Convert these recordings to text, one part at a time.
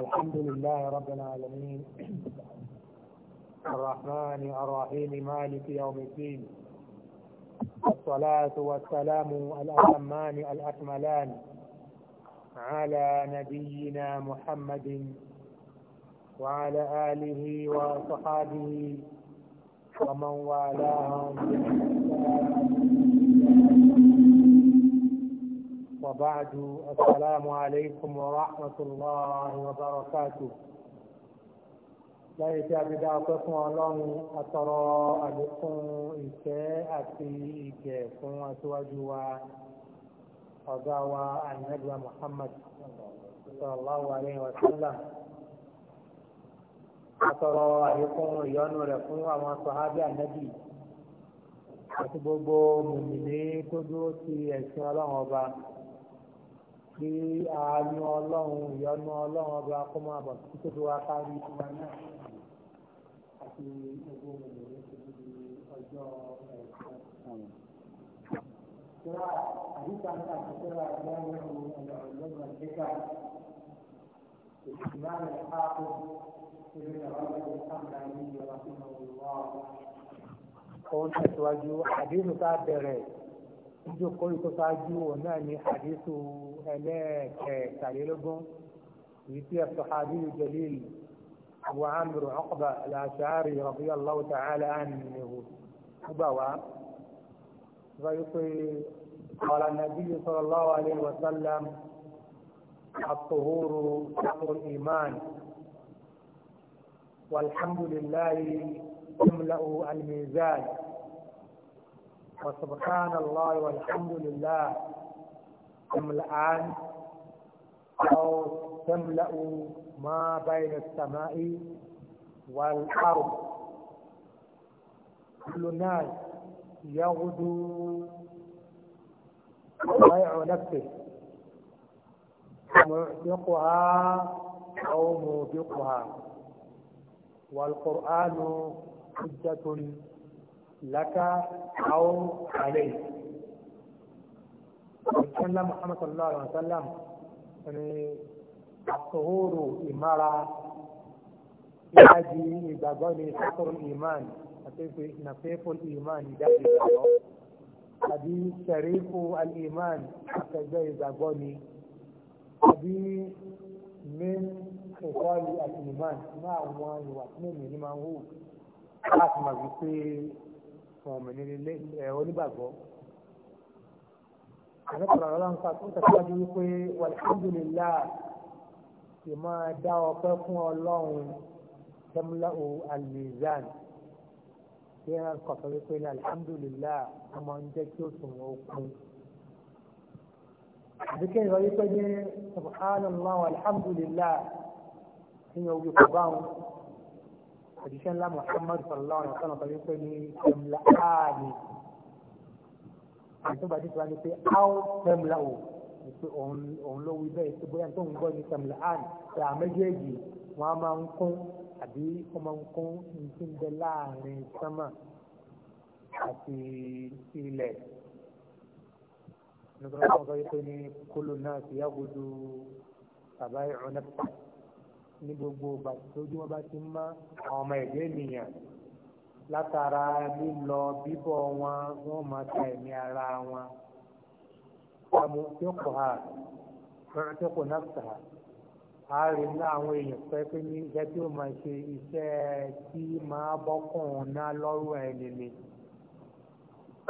الحمد لله رب العالمين الرحمن الرحيم مالك يوم الدين الصلاة والسلام الأتمان الأكملان على نبينا محمد وعلى آله وصحابه ومن والاهم وبعد السلام عليكم ورحمة الله وبركاته láyé tí a fi dá ọpẹ́ fún ọlọ́run atọrọ àlékún ìfẹ́ àti ìgẹ̀ fún aṣíwájú wa ọ̀gá wa àìnàdùwà muhammad sallallahu alayhi wa sallam atọrọ àlékún ìyọ́nú rẹ̀ fún àwọn sàhábì ànábì àti gbogbo mùmìnì tó dúró ti ẹ̀sìn ọlọ́run ọba kí àánú ọlọ́run ìyọ́nú ọlọ́run ọba kó máa bọ̀ kí tó fi wá kárí ìtura náà àti gbogbo òmìnira tó ti di ọjọ́ ẹ̀sán. Tíra àdúgbò àti àtúntò àgbáyé ọ̀nà ọ̀gbọ́n àgbéká ìsìláàmù àpò ìrìn àwọn ọ̀gbọ́n sábà ní ìjọba fún ọ̀rọ̀ wa. Òun tẹ̀síwájú àdéhùn tá a bẹ̀rẹ̀. ojú ìjókòó yìí tó ṣáájú òun náà ní àdéṣù ẹlẹ́ẹ̀kẹtàlélógún èyí tí as-sahabi al-jalil Abu Amr Uqba al-Ash'ari radiyallahu ta'ala anhu gbà wá báyìí pé قال النبي صلى الله عليه وسلم الطهور àtòhóró الإيمان والحمد لله يملأ الميزان وسبحان الله والحمد لله تملأان أو تملأ ما بين السماء والأرض كل الناس يغدو ضيع نفسه معتقها أو موبقها والقرآن حجة laka aw alayk sallam muhammad sallallahu alaihi wasallam ni asuhuru imara yaji ìgbàgbọ́ ni sakuru iman àti pé nafifu iman ìdájọ́ ìgbàgbọ́ àbí sharifu al-iman àtẹ̀jẹ́ ìgbàgbọ́ ni àbí min ìkọ́lù al-iman ní àwọn ìwà tí mèmí ni máa ń hù láti fún ọmọ ní ilé ẹ onígbàgbọ́ àlẹ́kọ̀ọ́ ọ̀rọ̀ ń sàkó tẹ̀síwájú wípé wàlúùdùlélà sì máa dá ọpẹ́ fún ọlọ́run tẹ́múlá o alìzán tí wọ́n kọ̀ sọ wípé ní alhamdulilá a máa ń jẹ́ kí ó sùn okun. àdìkẹ́ ìrọ̀ wípé ní subhanallah alhamdulilá ìyẹn òwúkọ̀ báwọn òjíṣẹ́ ńlá Muhammad sallallahu alaihi wasallam sọ wípé ní ẹ̀mùlá áàlì àtúbà tí wọ́n ní pé áwọ̀ ẹ̀mùlá ò pé òun ló wí bẹ́ẹ̀ pé bóyá tó ń gbọ́ ní ẹ̀mùlá áàlì pé àwọn méjèèjì wọ́n á máa ń kún àbí wọ́n máa ń kún ní ń bẹ láàrin sánmà àti ilẹ̀ nígbà tí wọ́n sọ wípé ní kóló náà ti yá gbódú bàbá ní gbogbo ìgbà tójú wọn bá ti ń mọ́ àwọn ọmọ ẹ̀dẹ́ ènìyàn látara lílọ bíbọ̀ wọn wọ́n máa ta ẹ̀mí ara wọn. àmọ́ tí ó kọ̀ ha rẹ̀ tó kọ̀ náà sà á rí ní àwọn èèyàn pẹ́ pé ní iṣẹ́ tí ó máa ṣe iṣẹ́ tí máa bọ́kùn náà lọ́rùn ẹni ni.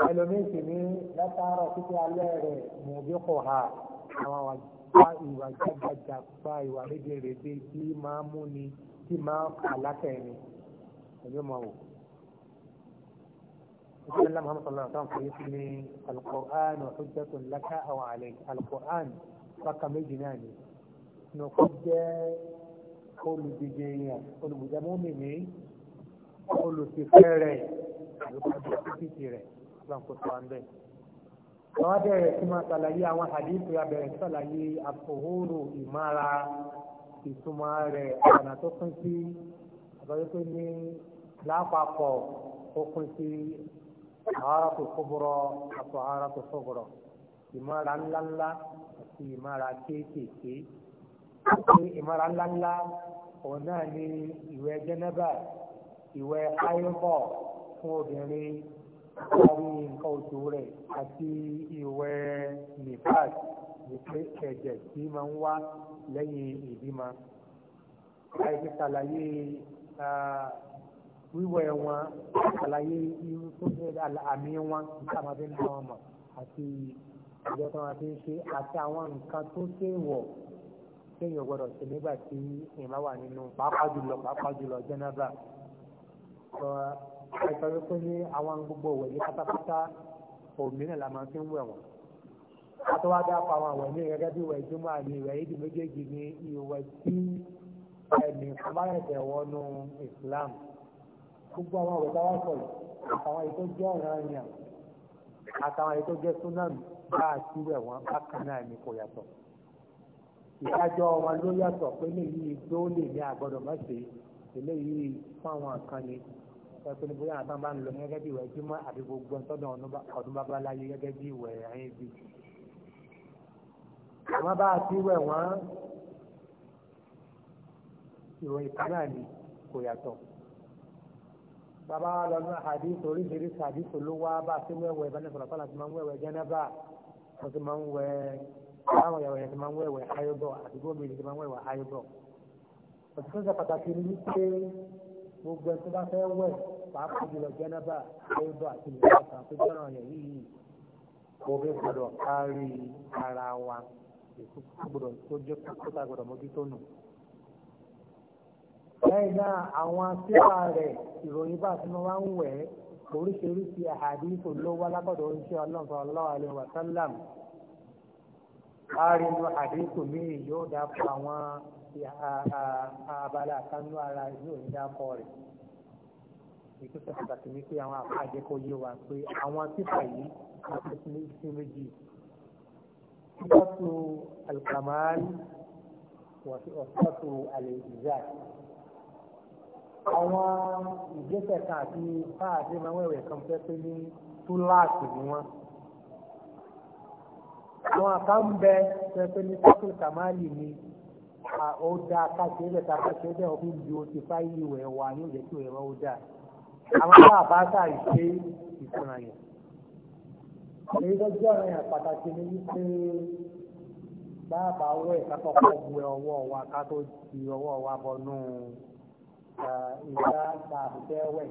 ẹlòmíì sì ní látara títí alẹ́ rẹ̀ mọ̀ bí kọ̀ ha àwọn wájú pa ìwà jàgbàjà pa ìwà rédèrèdè tí máa mú ni tí máa àlákẹ́ ni ẹ̀mí ọmọ wò. Ìṣẹ́ ńlá Muhammad sallallahu alaihi wa sallam kò yẹ kí ni Al-Qur'an hujjatun laka aw alayk. méjì náà ni. Nù kó jẹ́ olùdíje yẹn, olùbùjẹ́ mọ́mìnì, olùsìfẹ́ rẹ̀, àlùkò àti títì rẹ̀, lọ́nkó sọ àndẹ́. àwọn abẹ́rẹ́ tí máa ṣàlàyé àwọn àdéhùn abẹ́rẹ́ ṣàlàyé àfòhóró ìmára ìtumọ̀ rẹ̀ ọ̀nà tó pín sí àbáyé pé ní lápapọ̀ ó pín sí ìmára ńláńlá àti ìmára kéékèèké ìmára ńláńlá òun náà ní fún obìnrin. parí nǹkan oṣù rẹ̀ àti ìwẹ̀ nipad wípé ẹ̀jẹ̀ tí máa ń wá lẹ́yìn ìbímọ. láì fi ṣàlàyé wíwẹ̀ wọn ṣàlàyé àmì wọn nígbà máa fi ń bá wọn mọ̀ àti ìjọ tó máa fi ń ṣe àti àwọn nǹkan tó ṣe wọ̀ kéèyàn gbọ́dọ̀ ṣe nígbà tí èèyàn wà nínú pàápàá jùlọ pàápàá jùlọ jẹ́nàbà àìsàn wípé ní àwọn gbogbo òwò yìí pátápátá òmìnira la máa fi ń wẹ̀ wọ́n àtọwádá pa àwọn àwẹ̀ ní gẹ́gẹ́ bí ìwẹ̀ ìjọmọ́ àmì ìwẹ̀ yìí di méjèèjì ní ìwẹ̀ tí ẹ̀mí kọ́márẹ̀tẹ̀ wọnú Islam gbogbo àwọn àwẹ̀ táwọn sọ̀rọ̀ àtàwọn èyí tó jẹ́ ọ̀ràn àyàn àtàwọn èyí tó jẹ́ súnámì bá a ti wẹ̀ wọ́n bákan náà ni kò yàtọ̀ ìdájọ́ wọn ló yàtọ̀ pé eléyìí tó lè ní àgbọ̀dọ̀ mọ́sẹ̀ eléyìí fún àwọn kan ẹ̀kọ́ ní bóyá àtàn bá ń lọ gẹ́gẹ́ bí ìwẹ̀ jímọ́ àti gbogbo ọ̀tọ́dọ̀ ọdún bàbá láyé gẹ́gẹ́ bí ìwẹ̀ ẹ̀yìn bí. àwọn bá ti wẹ̀ wọ́n ìròyìn kan náà ni kò yàtọ̀. bàbá wa lọ ní àdìsí oríṣiríṣi àdìsí ló wá bá sí wẹ̀wẹ̀ ìbáni fọlọ́fọlọ́ àti máa ń wẹ̀wẹ̀ jẹ́nẹ́bà wọ́n ti máa ń wẹ̀ báwọn ìyàwó yẹn ti máa ń wẹ̀wẹ̀ ayọ́bọ̀ àti gómìn ti máa ń wẹ̀wẹ̀ ayọ́bọ̀. òtítọ́ pàápàá jùlọ jẹnẹba ẹyọdọ àti ìgbàlódé tó jọrọ yẹn yìí òbí gbọ́dọ̀ kárí ara wa èso gbọ́dọ̀ tó jẹ kókótà gbọ́dọ̀ mójútó nù. lẹ́yìn náà àwọn síra rẹ̀ ìròyìn bá tí wọ́n wá ń wẹ̀ oríṣiríṣi àhàdíìsì ló wá lábọ̀dọ̀ oúnjẹ ọlọ́ọ̀fọ̀ ọlọ́wà lè wà sálàm. láàrin inú àhàdíìsì míì yóò dápọ̀ àwọn abala kanú ara yóò ní dápọ̀ rẹ̀ ètò tó pàtàkì ní pé àwọn àjẹkọ yé wa pé àwọn títà yìí wọ́n ti fi sí méjì sípàtù alkamal wọ́sípàtù alèjìzá àwọn ìgbésẹ̀ kan àti fáàtì máa wẹ̀wẹ̀ kan fẹ́ pé ní túláàsì ni wọ́n àwọn àkàn bẹ fẹ́ pé ní sípàtù kamali ni ó dáa káṣẹ́ ẹ̀ẹ́dẹ̀ta káṣẹ́ ẹ̀ẹ́dẹ̀ ọ̀bí ju ti fáyé ìwẹ̀ wà ní ìyẹ́tù ẹ̀rọ ó dáa àwọn bá a bá sà ṣe ìfúnra yẹn. èyí tó jẹ́ ọ̀rọ̀ yẹn pàtàkì ni wípé báàbà ọwọ́ ìkákọ̀ọ́kọ́ bu ọwọ́ wa ká tó di ọwọ́ wa bọnú ìgbà tá a fẹ́ wẹ̀.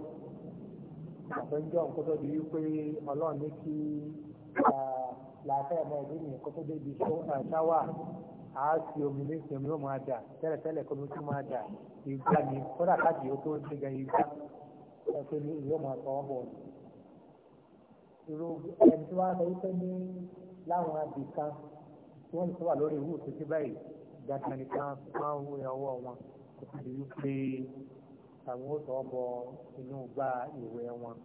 àpéjọ nǹkan tó di wípé ọlọ́run ní kí làákẹ́ ẹ̀mọ́ ìlú nìyẹn kó tó débi ṣáwà á sí omi ní ìsinmi ó máa dà tẹ́lẹ̀tẹ́lẹ̀ kó mi tún máa dà ìgbà ni kódà káàdì ó tó ṣe gan ìgbà ẹ̀pẹ́ ní ìlú ọmọ àtọwọ́ bọ̀ irú ẹni tí wọ́n á sọ wípé ní láwọn abì kan tí wọ́n ti wà lórí ìwú òtútù báyìí ìdájọ́ ni ká máa ń wú ọwọ́ wọn kò sì rí pé àwọn ó sọ bọ inú gba ìwé wọn.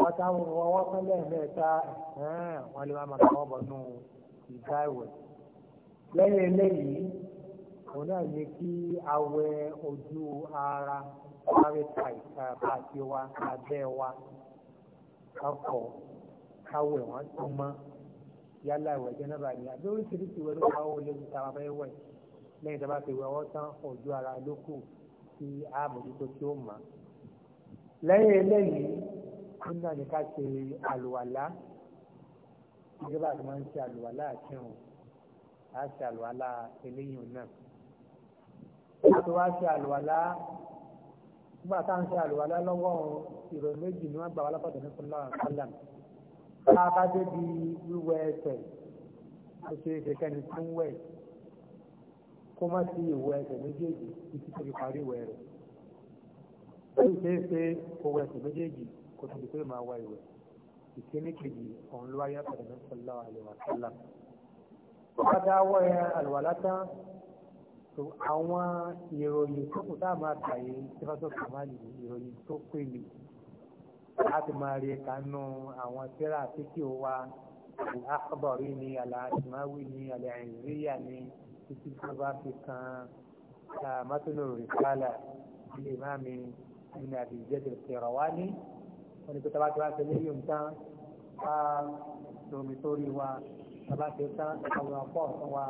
wọ́n táwọn ọwọ́ kan lẹ́ẹ̀mẹ́ta wọ́n lè máa tọwọ́ bọ̀ nù ìgbà ìwẹ̀. lẹ́yìn eléyìí òun náà ní kí awẹ ojú ara sáré ta ìta bá ti wá abẹ́ wa kákọ̀ káwẹ̀ wọ́n tó mọ́ yálà ìwẹ̀ jẹ́ náà báyìí àbí oríṣiríṣi ìwẹ̀ ló pa owó lẹ́yìn tá a fẹ́ wẹ̀ lẹ́yìn tá a bá fi wẹ̀ ọwọ́ tán ojú ara ló kù sí àmójútó tí ó mọ̀. lẹ́yìn eléyìí ó náà ní ká ṣe àlùwàlá ìjọba àti máa ń ṣe àlùwàlá àkẹ́hùn á ṣe àlùwàlá eléyìí náà. a wá ṣe àlùwàlá nígbà tá à ń ṣe àlùwàlá lọ́wọ́ ìròyìn méjì ni wọ́n gbà wá lápapọ̀ ní fúnlá àkọlà bá a bá dé bi wíwẹ ẹsẹ̀ ó ṣe é ṣe kẹ́ni tó ń wẹ̀ kó má sí ìwọ ẹsẹ̀ méjèèjì títí tó fi parí ìwẹ̀ rẹ̀ ó ṣe é ṣe kó ẹsẹ̀ méjèèjì kó tó di pé máa wá ìwẹ̀ ìkíní kejì ọ̀hún ló wáyé àpàdé ní fúnlá àlùwàlá. tán so àwọn ìròyìn tó kù tá a máa kàyé sífàtò kàmáàlì ìròyìn tó pèlè láti máa rí ẹ̀ka nú àwọn tíra àtìkì wa àkọ́bọ̀rí ni àlàáṣìmáwí ni àlẹ́rìnríyà ni títí tó bá fi kan mátúnú rìkálà ilé ìmáàmì ní àbíjẹ́dẹ̀ tẹ̀rọ wá ní wọn ni pé tábàtì wá sí ilé yóò ń tán á lómi wa tàbá ṣe tán àwọn àpọ̀ ọ̀sán wa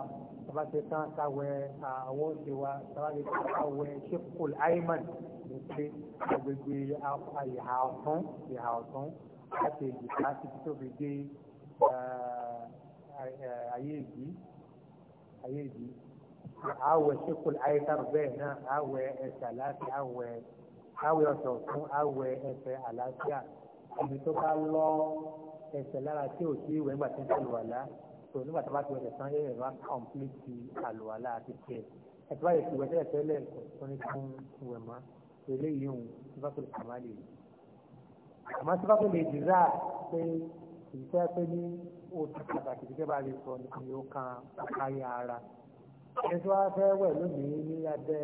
tàbá ṣe tán káwẹ̀ àwọn oṣù wa tàbá ṣe tán káwẹ̀ ṣépùl aiman nípe agbègbè ìhà ọ̀tún ìhà ọ̀tún láti ìjìká títí tó fi dé ayé ìdí ayé ìdí àwẹ̀ ṣépùl aiman bẹ́ẹ̀ náà àwẹ̀ ẹsẹ̀ àlàáfíà àwẹ̀ àwẹ̀ ọ̀sẹ̀ ọ̀tún àwẹ̀ ẹsẹ̀ àlàáfíà ibi tó bá lọ ẹsẹ̀ lára tí ò sí ìwẹ̀ tó nígbà tó bá ti wẹ̀lẹ̀ tán yẹ̀yẹ̀ bá kọ̀m̀pìlìtì àlùwàlá àti tiẹ̀ ẹ̀tọ́ báyìí ti wẹ̀ tẹ́lẹ̀ tẹ́lẹ̀ tó ní fún wẹ̀ mọ́ eléyìí òun tí bá tó lè kàmá lè àmọ́ tí bá tó lè dìrà pé ìfẹ́ pé ní ó ti pàtàkì tí kẹ́bà lè sọ ní ó kan kárí ara ẹni tí wọ́n fẹ́ wẹ̀ lónìí ní abẹ́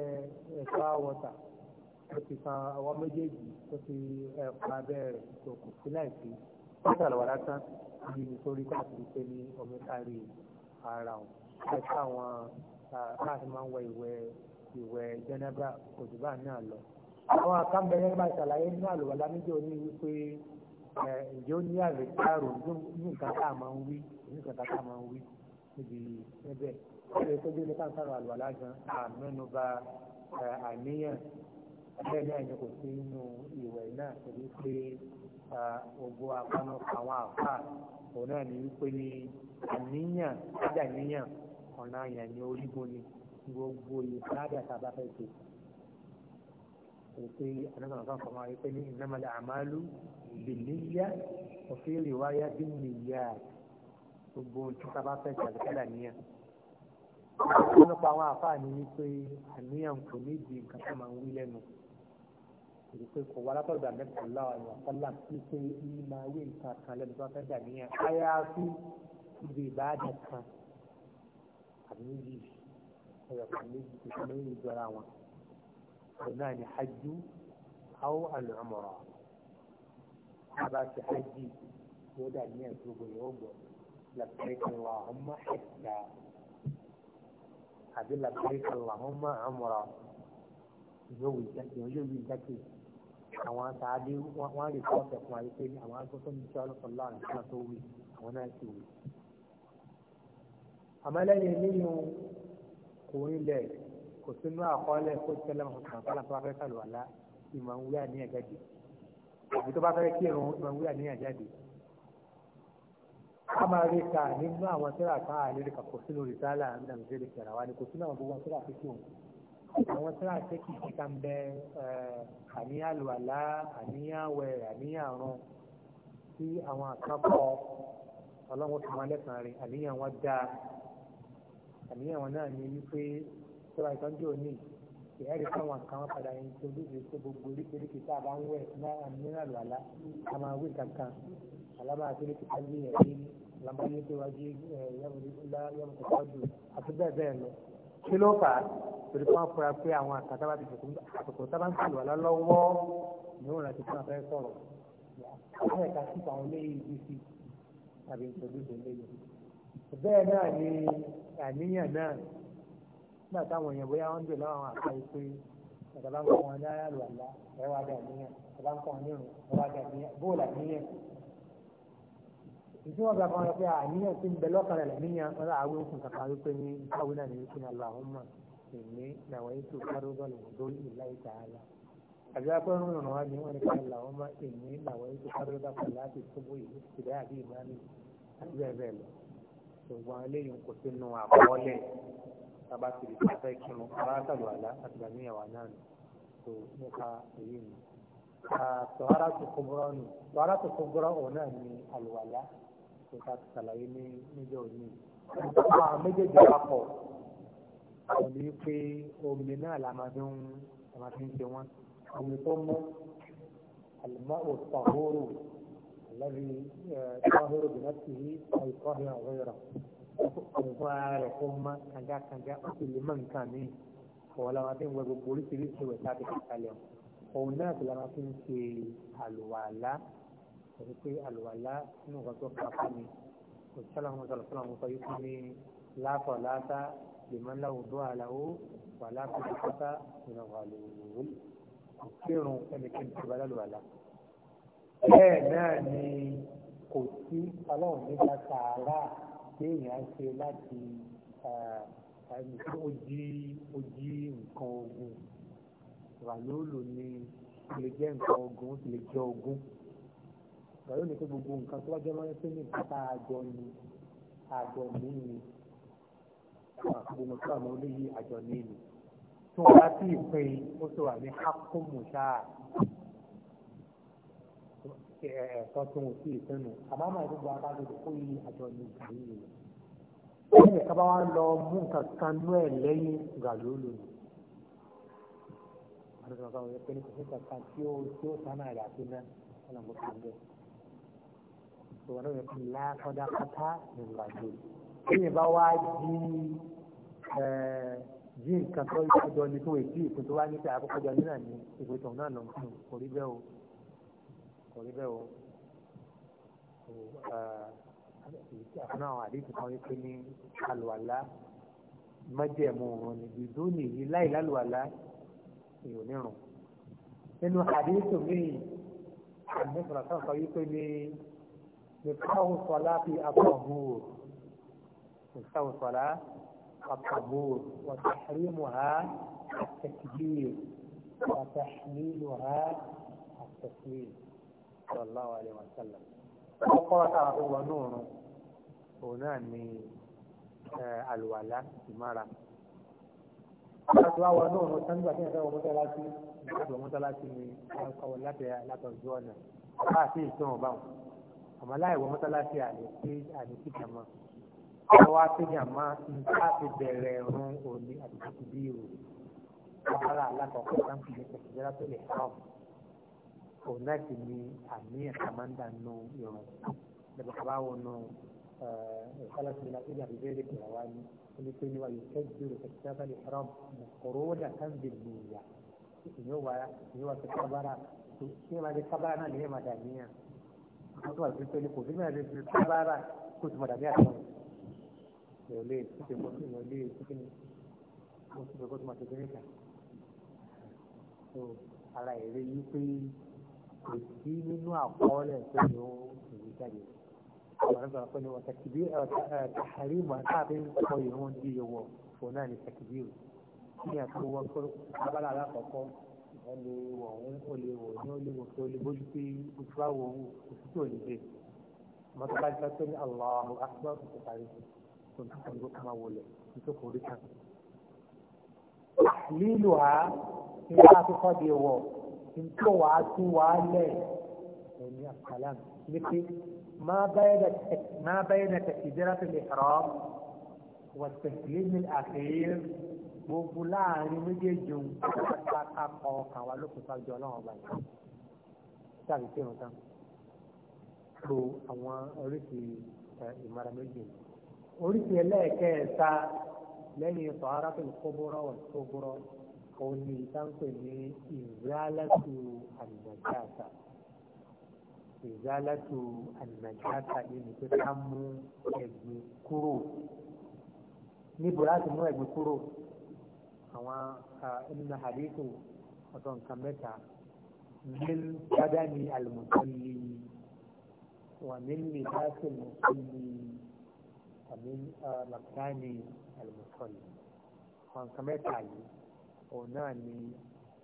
ẹ̀fọ́ wọ́tà ó ti kan ọwọ́ méjèèjì tó ti ẹ̀fọ́ wọ́n ṣàlùwà lásán níbi tó rí káàkiri pé ní omi kárí ara wọn ẹ̀ka àwọn káàkiri máa ń wọ ìwẹ̀ ìwẹ̀ jẹ́nẹ́bà òdùbà náà lọ. àwọn àkàǹbẹ̀ yẹn bá ṣàlàyé nínú àlùwàlá méjì òní wípé ǹjẹ́ ó ní àlùkárò ní nǹkan tá a máa ń wí ní nǹkan tá a máa ń wí níbi ẹbẹ̀ ẹ̀rẹ́ tó délé káàkiri àlùwàlá gan àmẹ́nuba àníyàn bẹ́ẹ̀ náà ni sí nínú ìwẹ̀ náà pẹ̀lú pé nípa ogun àpamọ́ àwọn àpá òun náà ní wípé ní àníyàn ádàníyàn ọ̀nà àyàn ní ni gbogbo ìbáàdà tàbá fẹ́ ṣe wípé anáwó kan fọmọ wípé ní ìnámọ̀lẹ̀ àmàlú bìníyà òfin ìwáyà bí nìyà gbogbo tí tàbá fẹ́ ṣe àdìkálà níyàn nípa àwọn àfáà ní wípé àníyàn kò ní ìdí nǹkan tó máa ń wí lẹ́nu ìpè kò wá látọ̀dọ̀ àmẹ́sàlá ọ̀yàn kọ́lá pípé ní máa wí nǹkan kan lẹ́nu tó fẹ́ dàníyàn ayáàfin ibi ìbáàdà kan àbí méjì ọ̀yàn kan méjì tó fẹ́ méjì jọra wọn òun náà ni hajj aw al-umra àbá ti hajj yóò dàníyàn tó gbòòrò ó gbọ́ labbaik Allahumma hajja àbí labbaik Allahumma umra yóò wí jáde yóò wí jáde. àwọn àtàdé wọ́n rí kọ́ọ̀tù fún ayé pé àwọn agbóso ní tí ọlọ́pàá láàrin fún àtó wí àwọn náà sì wí. àmọ́ lẹ́yìn nínú kò rinlẹ̀ kò sínú àkọọ́lẹ̀ kó tẹ́lẹ̀ wọn kàn fún àpá fẹ́ẹ́ kàlù àlá ìmọ̀ ń wí àníyàn jáde àbí tó bá fẹ́ kí ìrùn ìmọ̀ ń wí àníyàn jáde. a máa rí ka nínú àwọn tíra ká àlérè kà kò sínú rìsálà àmì àmì àwọn tíra tẹ́kì kíkà ń bẹ àníyàn àlùwàlá àníyàn wẹ̀ àníyàn àrùn tí àwọn àkápọ̀ ọlọ́run tó máa lẹ́sàn-án rìn àníyàn wọn dáa àníyàn wọn náà ní wípé tíra ìtọ́jú òní ìyáàrí fáwọn kan wọn padà yẹn tó lóde tó gbogbo oríkèéríkèé tá a bá ń wẹ̀ náà àníyàn àlùwàlá a máa wí kankan àlámà àti oríkèéríkèé á gbé làbáyé tó wájú yàmùtò àti bẹ́ẹ̀ bẹ́ẹ̀ lọ kí ló fà á torí kí wọ́n fura pé àwọn àkàtàbà ti fòkú àtòkò sábà ń sàlùwà lọ́wọ́ ni ó rántí fún afẹ́ sọ̀rọ̀ àwọn ẹ̀ka sí àwọn léyìí bí sí tàbí nítorí ìṣòro léyìí. bẹ́ẹ̀ náà ni àníyàn náà nígbà táwọn èèyàn bóyá wọ́n ń dè láwọn àká yìí pé àtàbà ń kọ́ wọn ní aráàlú àlá ẹ̀wà dà níyàn àtàbà ń kọ́ wọn ní ìrùn ẹ̀wà dà bóòlù àníyàn ìtumọ̀ bá kan pé àníyàn ti ń bẹ lọ́kàn rẹ̀ níyàn ọ̀rọ̀ àwọn òkun kàkà wípé ní káwé náà ní wípé ní aláhùnmá èmi làwọn èyí tó káró bọ́ọ̀lù lórí ìláyé tààlà àbí akọ́rin ràn wá ní wọn ní káwé làhùnmá èmi làwọn èyí tó káró bọ́ọ̀lù láti tóbó ìlú ìdá àbí ìmáàmì àti bẹ́ẹ̀ bẹ́ẹ̀ lọ ṣùgbọ́n eléyìí kò sínú àkọọ́lẹ̀ tọ́hárà tó kó bọ́rọ̀ òun ni àlùwàlá tó ká ti ṣàlàyé ní níjọ́ òní ìjọba méjèèjì papọ̀ àwọn ní pé omi náà la máa fi ń la máa fi ń ṣe wọn omi tó mọ́ àlùmọ́ òtàhóró àlọ́bí tọ́hóró bìnà sí àìkọ́hìn àwòrán ọ̀gbọ́n ara rẹ̀ kó mọ́ kànjákànjá ó sì lè mọ nǹkan míì ọ̀wọ́n la máa fi ń wẹ gbogbo oríṣiríṣi ìwẹ̀ tá ti kàkálẹ̀ òun náà sì la máa fi ń ṣe àlùwàlá àti pé àlùwàlá nínú nǹkan tó kápá mi kò sí sálàmù sàlùsálà mo sọ yìí ní láàfọ̀ láàtà lèmọ́ láwù dó àlàó wà láàfọ̀ tó kọ́tà nínú àlùwòl kò kírun ẹnikẹ́ni tó bá lálùwàlá. bẹ́ẹ̀ náà ni kò sí ọlọ́run nígbà sàárà téèyàn ṣe láti ojí ojí nǹkan ogun ràlóòlù ni ó lè jẹ́ nǹkan ogun ó lè jẹ́ ogun bàbá mi pé gbogbo nǹkan tó wájú máa ń ní ìpátá àjọ ni àjọ mi ni gbogbo nǹkan àwọn olóyè àjọ mi ni tó wọ́n bá sí ìpín ó sì wà ní hákùmù ṣáà ẹ̀ẹ̀kan tó ń sí ìpín nù àmọ́ àmọ́ ìgbogbo abájọ kó yí àjọ mi kàrí ni ẹnì kan bá wá lọ mú nǹkan kan nú ẹ̀ lẹ́yìn gàdó lónìí àwọn ọ̀gá òye pé ní kò sí tí ó tí ó sánà àyàfi náà ọ̀nà gbogbo ń bẹ̀ ìwọ̀n náà kò kata pátá nígbà tó kí ni bá wá di jí nǹkan tó yẹ jọ ní tó èsì ìpè tó wá ní pé àkókò jọ nínà ní ìpè tó náà lọ fún kò rí bẹ́ẹ̀ o kò rí bẹ́ẹ̀ o àfúnà àwọn àdéhùn kan yẹ pé ní àlùwàlá májẹ̀mú òun ni ìdó nìyí láì lálùwàlá èèyàn onírun nínú àdéhùn mi àmì ìfọ̀rọ̀sán kan yẹ pé ní miftahu salati at-tahur miftahu salati at-tahur wa tahrimuha at-takbir wa tahliluha at-taslim sallallahu alayhi wa sallam ọkọ̀rọ̀ tàà tó wọ nóòrùn òun náà ni àlùwàlá ìmára láti wá wọ nóòrùn sáńgbà ẹ̀fẹ́ wọ́n mọ́tálásí láti wọ́n mọ́tálásí ni wọ́n kọ́ láti látọ̀jú ọ̀nà láti ìtàn ọ̀báwọn àmọ́ láìwọ mọ́sálásí àlèkí àlèkí jàmá ọwọ́ àtẹjàmá nípa ti bẹ̀rẹ̀ ẹ̀rùn òní àdìsíkù bí ìrò ọ̀kára alákọ̀ọ́kọ́ sáńpì ní ìṣẹ̀dára tó lè hàn òun náà sì ni àmì ẹ̀ka máa ń dà nù ìrùn lẹ́bọ̀ kaba wọn nù ìṣẹ̀lẹ̀ tó lè láti jà bíbélì kìlà wá ní onípe ni wà yóò fẹ́ jùlọ ìṣẹ̀dára lè hàn kòrò ó dà sáń bè nìyà ìyẹn wà ìyẹn wà tó kábàrà tó ṣé máa di kábàrà náà lè má dà níyà wọ́n tún àti pẹ́lú kò sínú ẹ̀rí ti pa rárá kó sì padà bí àtàwọn ìyẹn ò lè ṣe kó sì lè ṣe kí ni kó sì lè kó sì máa ṣe kéré kan so ara èrè yìí pé kò sí nínú àkọọ́lẹ̀ tó ní ó èyí jáde àwọn àgbà pé ní wọ́n tàkìbí àrí màá káàbí kọ ìrún di ìwọ̀ òun náà ní tàkìbí ò ní àtúwọ́ ẹ lè wọ̀ òun ó lè wọ̀ ní ó lè wọ̀ tó lè bójú pé oṣù bá wọ̀ òun oṣù tí ò ní dé mọ́tò bá jẹ́ pé ní Allahu akbar kò parí kò ní kàn ló máa wọlé nítorí kò kan. lílo ha ní wàá tó kọ́ di nítorí wàá tún wàá lẹ̀ ẹ̀mí àkàlàm ní pé má báyìí na tẹ̀síjẹ́ra tó lè rọ́ wà tẹ̀sílẹ̀ ní àkèyé gbogbo láàrin méjèèjì òun kákọ ọkàn wa ló kún sáájú ọlọ́run ọba yìí sáàbì pé òun tán lo àwọn oríṣi ìmọ̀ra méjì oríṣi ẹlẹ́ẹ̀kẹ́ẹ̀ta lẹ́yìn ìfọ̀ arákùnrin kóbóró ọ̀hún kóbóró òun ni ìtànkù ní ìzálàtù àlùmọ̀jáàtà ìzálàtù àlùmọ̀jáàtà nínú pé ká mú ẹ̀gbin kúrò níbo láti mú ẹ̀gbin kúrò àwọn ẹnìyàn àdéhùn ọ̀tọ̀ nǹkan mẹ́ta min badani almusalli wa min nifasi almusalli wa min makani almusalli àwọn nǹkan mẹ́ta yìí òun náà ni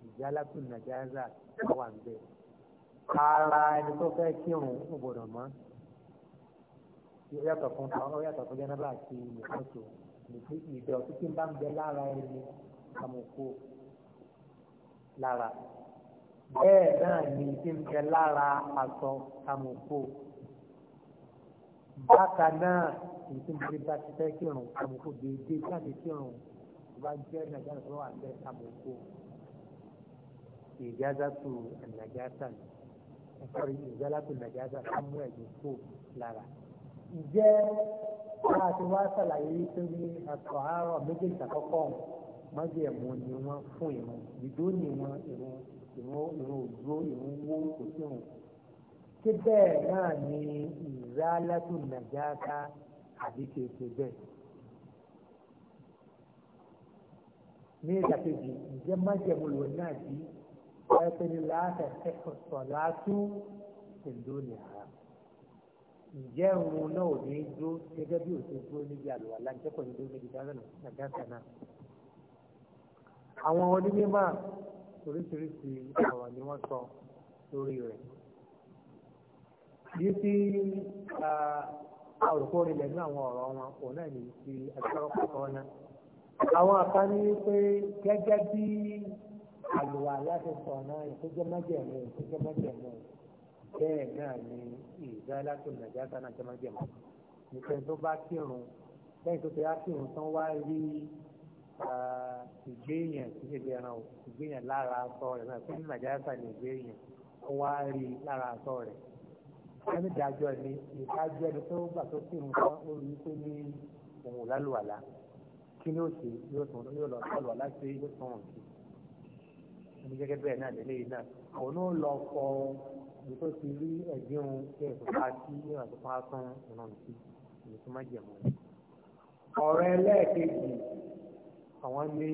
ìjálátù nàjáza wà ń bẹ ara ẹni tó fẹ́ kírun ó gbọ́dọ̀ mọ́ yàtọ̀ fún jẹ́nàbà àti nìkan tó ìdọ̀tí tí ń bá ń bẹ lára ẹni àmùkù lára bẹ́ẹ̀ náà ni ti ń bẹ lára aṣọ àmùkù bákan náà ìtún bí bá ti fẹ́ kírun àmùkù déédéé jáde kírun bá jẹ́ nàìjíríà tó wà bẹ́ẹ̀ àmùkù ìjázàtù nàìjíríà ni sọrí ìjálàtò nàìjíríà sámú ẹ̀jẹ̀ kó lára. ǹjẹ́ bá a ti wá ṣàlàyé tó ní ẹ̀kọ́ àárọ̀ méjèèjì àkọ́kọ́ ọ̀hún májẹ̀mú ni wọ́n fún ìrun ìdó ni wọ́n ìrun ìrun ìrun òdúró ìrun wó kò sí ìrun. ṣé bẹ́ẹ̀ náà ni ìzálátù nàjáká àbí kéèké bẹ́ẹ̀. ní ìdàkejì ǹjẹ́ májẹ̀mú lò náà bí wọ́n pè ní láàtà ẹ̀kọ́ sọ̀láàtú ìdó ni àrà. ǹjẹ́ òun náà ò ní dúró gẹ́gẹ́ bí òṣèlú níbi àlùwàlá ǹjẹ́ kò ní dúró níbi dáná nàjáká náà àwọn onímọ̀ oríṣiríṣi ọ̀rọ̀ ni wọ́n sọ lórí rẹ̀ yìí tí àròkọ́ ilẹ̀ ní àwọn ọ̀rọ̀ wọn òun náà ní ti akẹ́kọ̀ọ́ náà àwọn àká ní pé gẹ́gẹ́ bí àlùwà láti sọ náà ìtọ́jọ́ májẹ̀mú ìtọ́jọ́ májẹ̀mú bẹ́ẹ̀ náà ni ìgbà láti nàìjíríà sáà náà jẹ́ májẹ̀mú nípa tó bá kírun lẹ́yìn tó ti á kírun tán wá rí ìgbéyàn kì í ṣe ẹran o ìgbéyàn lára aṣọ rẹ̀ náà fún nàìjíríà ní ìgbéyàn ó wá rí lára aṣọ rẹ̀ ẹni dájọ́ ni ìdájọ́ ẹni tó gbà tó sì ń kọ́ ó rí pé ní òun lálùwàlá kí ni ó ṣe yóò tún yóò lọ lálùwàlá ṣe yóò tún òun ṣe ẹni gẹ́gẹ́ bẹ́ẹ̀ náà lélẹ́ yìí náà òun ó lọ fọ ibi tó ti rí ẹ̀gbin kí ẹ̀sùn pa sí ìrìn àti tún ọ̀rẹ́ lẹ́ẹ̀kejì àwọn ní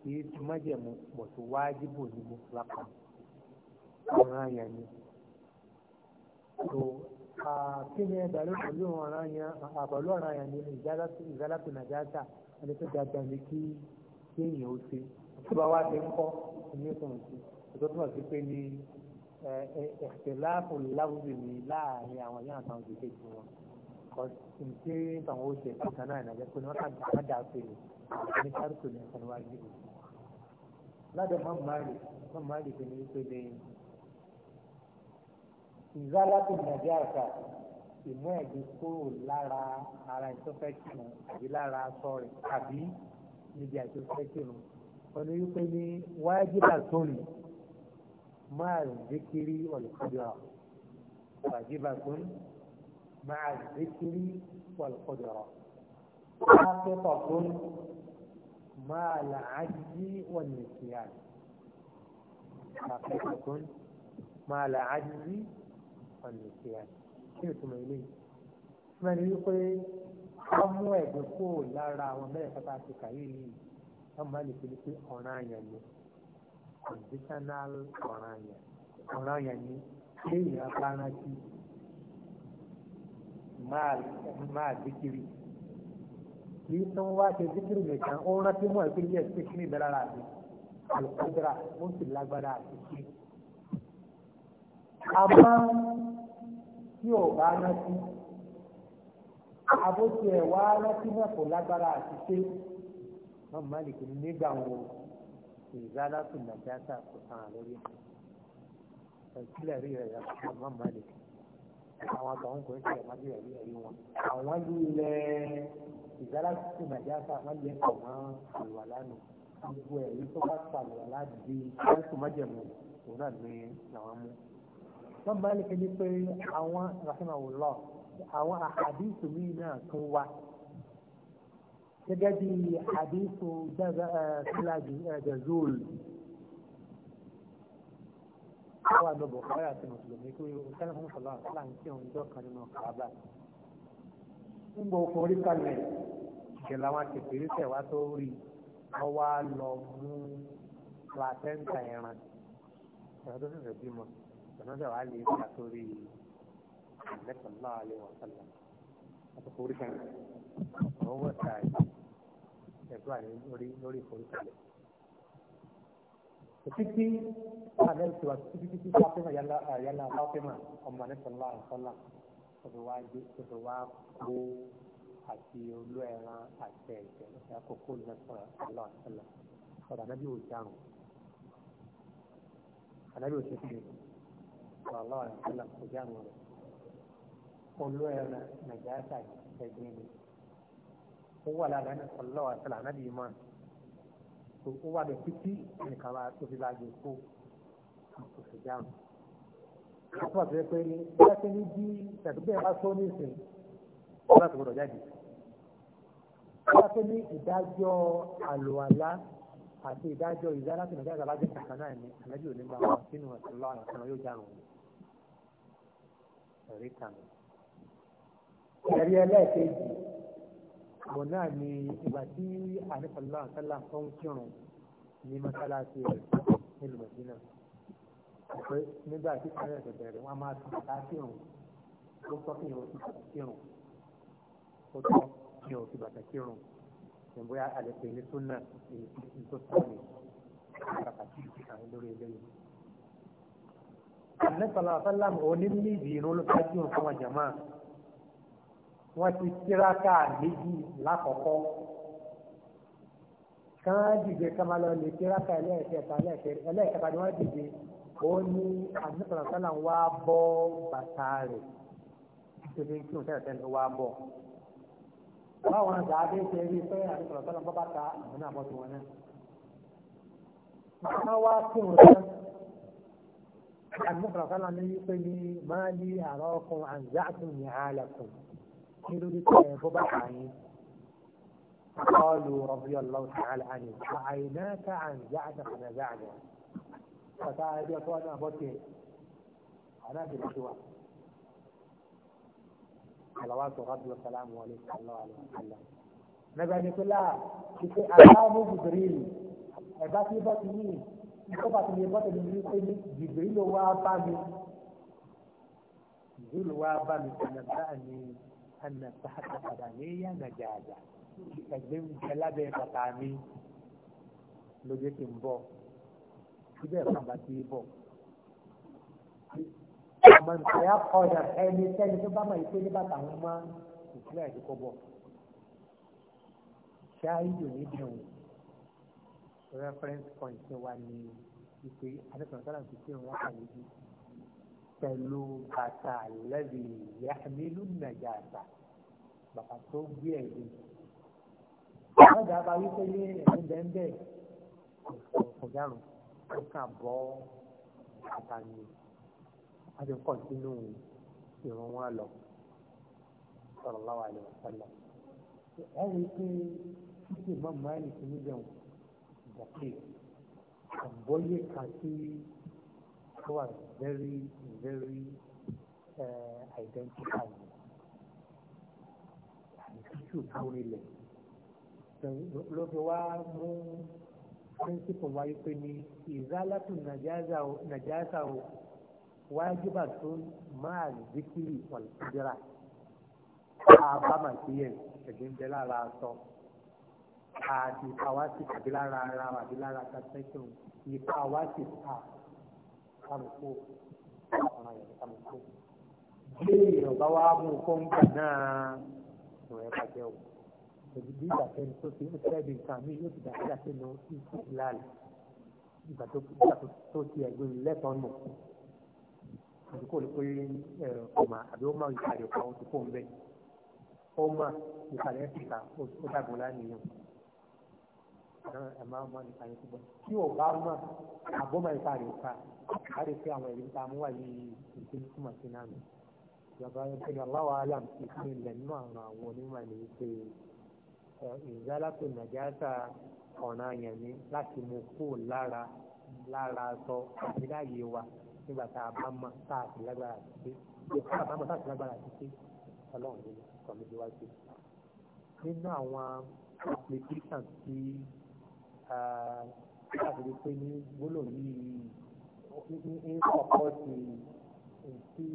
kìí ti májẹ̀mú pọ̀ tó wájibò ní mọ́tòlápá ọ̀ràn yẹn ni. tó kí ni ẹgbẹ̀rún pẹ̀lú ọ̀ràn yẹn àpẹ̀lú ọ̀ràn yẹn ni ìzálàtò nàìjíríà ẹni tó dáadáa ni kí kéèyàn ó ṣe tó bá wá ṣe ń kọ́ ní ìsọ̀rọ̀ sí ètò tó wà sí pé ní ẹ̀ẹ́dẹ̀láàfò láwùjọ ni láàárín àwọn yàrá àtàwọn òṣèlú wọn kọ́ ǹjẹ́ àwọn òṣèlú kan náà ìnàjẹ́ pé wọ́n kàn dá ní kárùkù ní àtàlùwájú ládọ̀ má márì má márì kò ní í pé lẹ́yìn ìzálàtò nàìjíríà àṣà ìmú ẹ̀gbẹ́ kúrò lára ara ìtọ́fẹ́kìrùn àbí lára aṣọ rẹ̀ àbí níbi àìtọ́fẹ́kìrùn ọ̀nà wípé ní wájibà tóní máa zikiri ọ̀lùkọ́dọ̀ wájibà tóní máa zikiri ọ̀lùkọ́dọ̀ rọ̀ مع العجز والنسيان حقيقة مع العجز والنسيان كيف تميلين من يقول ọmọ ẹ̀dùn kò lára àwọn mẹ́rin pápá ti kàyé yìí wọ́n máa lè fi ní pé ọ̀ràn àyàn ni conditional ọ̀ràn àyàn ọ̀ràn àyàn ni léèyàn bá rántí máa dìkìrì kì í tán wá ṣe díkìrì nìkan ó rántí mọ́ ẹ̀kú yẹ ṣe kí ní ìdára àti àlùkọ́dára ó sì lágbára àti kí. àmọ́ tí ò bá rántí àbótí ẹ̀ wá rántí náà kò lágbára àti ṣe wọ́n máa lè kí nígbà wọn ìzálà sí nàìjíríà kò tán àlórí ẹ̀ sílẹ̀ rí rẹ̀ yàtọ̀ wọ́n máa lè kí àwọn àtàwọn kò ń ṣe ọmọdé ẹ̀rí ẹ̀rí wọn àwọn lu ilẹ̀ ìdárasí nàìjíríà wọn lè kọ̀ mọ́ àlùwà lánàá gbogbo ẹ̀rí tó bá pa àlùwà lánàá bí ẹ̀sùn májẹ̀mú òun náà lè làwọn mú. wọ́n bá lè kéde pé àwọn rahima wò lọ àwọn àdìsù mi náà tún wá gẹ́gẹ́ bí àdìsù jẹ́zọ́ọ̀lù wà lọ́bọ̀ káyà àti mùsùlùmí kí wọ́n sẹ́lẹ̀ fún sọ̀lá àtàlà ń kí òun jọ kan nínú kàábà ń gbọ́ ọkọ̀ orí kalẹ̀ ìṣẹ̀lẹ̀ àwọn akẹ̀kẹ̀rẹ́ tẹ̀ wá tó rí wọ́n wá lọ mú placenta ẹran ẹ̀rọ tó ṣẹ̀ṣẹ̀ bímọ ìṣẹ̀lẹ̀ tẹ̀ wá lè kà sórí ìlẹ́sọ̀lá àlẹ́ wọn sọ̀lá àtọ̀kọ̀ orí kalẹ̀ ọ̀rọ̀ wọ̀ ทิ้งที่ตอนนั้นตัวทิ้งที่ที่ชอบที่มายันละยันละเล่าไปมาผมมาในคนละคนละคือว่าคือว่าผู้อเชียพด้วยนะอาชีพเนี่ยแล้วก็คุณนั่นแหละตลอดตลอดตอนนั้นอยู่จังตอนนั้นอยู่ที่นี่ตลอดตลอดอยู่จังคนด้วยนะในแก่ใจใจดีผู้ว่าแล้วเนั้นคนละตลาดนั้นดีมาก tó ó wà bẹ̀ títí nìkan wa tó fi láàyè kó kò sì dáhùn. àti wà tó yẹ pé ní bá ṣe ní bí ṣàtúnbẹ̀ bá sọ ní ìsìn ó bá tó gbọdọ̀ jáde. bá ṣe ní ìdájọ́ àlùwàlá àti ìdájọ́ ìdára tó nàìjíríà bá jẹ́ kàkà náà ni àlejò onígbà wọn sínú ẹ̀sìn lọ́wọ́ àwọn ọ̀sán yóò járùn ún. ẹ̀rí kàmì. ẹ̀rí ẹlẹ́ẹ̀kejì wọn náà ni ìgbà tí àníkàlá àtàlà tó ń kírun ní mọ́sálásí rẹ̀ nílùú mẹ́sìnà pé nígbà tí kárẹ̀ rẹ̀ bẹ̀rẹ̀ wọ́n máa tún ká kírun ó sọ kí ìrọ̀ sí bàtà kírun ó sọ kí ìrọ̀ sí bàtà kírun ìbúyá àlẹ́pẹ̀ ní súnà èyí tí tó sọ̀rọ̀ pàtàkì àwọn lórí eléyìí. àníkàlá àtàlà òní ní ìdí ìrún ló fẹ́ kírun fún wa jàmáà wọ́n ti tiraka méjì lákọ̀ọ́kọ́ kán dìde kamalọ lè tiraka ẹlẹ́ẹ̀kẹta ẹlẹ́ẹ̀kẹta ni wọ́n dìde ó ní àdúgbòsánà wá bọ́ bàtà rẹ̀ nítorí kí wọ́n tẹ̀lé tẹ́lẹ̀ wá bọ̀ báwọn àgbàdé ṣe rí pé àdúgbòsánà bọ́ bàtà àwọn náà bọ́ tiwọn náà. Màmá wá kí wọ́n tán. Àdúgbòsánà ní wípé ní máa ní àrọ́ ọkùnrin àǹzá àtúnyẹ̀ àlẹ́kùnrin. kí ló dé فقالوا رضي الله تعالى عنه وعيناك عن زعزعنا زعزع فتعالى يا اخوان ابوتي انا في الشوع صلوات ربي وسلامه عليك الله عليه وسلم نبي ان يقول لها كيفي اعلام جبريل عباتي باتني عباتي باتني يقول جبريل وابا جبريل وابا من نبأني أن الصحة القدمية مجازة ẹgbẹ́ ẹlábẹ́ bàtà mi lójú ti ń bọ̀ síbẹ̀ fún bàtà yìí bọ̀. ọmọ ìpàyà kọjá ẹni sẹ́ni tó bá máa ń pé ní bàtà wọn máa ń ìpínlẹ̀ ìdíkọ́ bọ̀. ṣáájú ní reference point wa ni ìpè adékùnrin sọ́dọ̀ ti fi hàn wákàtí yìí pẹ̀lú bàtà lẹ́bi yahmilu najasa bàtà tó gbé ẹ̀dùn. wọ́n dábàá wípé ní ẹ̀dùn bẹ́ẹ̀ kò dárò ó kà bọ́ bàtà ni a ti pọ̀ sínú ìrún wọn lọ sallallahu alaihi wasallam. ẹ rí i pé títí mọ́ mọ́ ẹnì kìíní jẹun ìgbà pé àgbọ́yé kan sí who are very, very uh, eh, identifiable. Àdìsísù kúrìlẹ̀. Lọ́dọ̀ wá mú píríncípù wáyé pé ní ìzálàtù nàjásà o wájúbà tó máa zikiri ọ̀lẹ́dẹ́rà. Àbámà sí ẹ̀ ẹ̀gbẹ́ ń bẹ lára sọ. Àti àwa sì tàbí lára ara àbí lára kásẹ́kùn. Ìfà àwa sì tà kálukú ọ̀ràn yẹn kálukú bí èèyàn bá wá mú kọ́ńtà náà ọ̀rọ̀ ẹ̀ bàjẹ́ o èyí bí ìgbà tẹ́ni tó ti ń sẹ́ẹ̀dì nǹkan mi yóò ti dà àti nù sí ìsìláàlì ìgbà tó tó ti ẹ̀gbẹ́ lẹ́tọ̀ọ́ nù àdúgbò ló pé ẹ̀rọ ọmọ àbí ó máa ń ìkàlẹ̀ ọ̀pá ó ti kó ń ó máa ìkàlẹ̀ ẹ̀sìn ẹ máa mọ nípa yẹn síbẹ̀ tí ò bá mọ̀ àbọ̀mọ̀ ìta rẹ̀ ká a lè fi àwọn ẹ̀rí ta mú wà ní ìpínlẹ̀ túmọ̀ sí náà nù ìjọba ìpínlẹ̀ aláwọ̀ alam ìpínlẹ̀ ilẹ̀ nínú àwọn àwọn onímọ̀ ní pé ìzálàpẹ̀ nàìjíríà ọ̀nà yẹn ni láti mú kó lára lára sọ àti láàyè wa nígbà tá a bá mọ̀ tá a sì lágbára àti pé tá a bá mọ̀ tá a sì lágbára àti pé ọlọ́run ní kọ̀mídéwájú nínú àwọn application tí káàkiri pé ní gbólóhùn yìí ń kọ̀kọ́ sí tí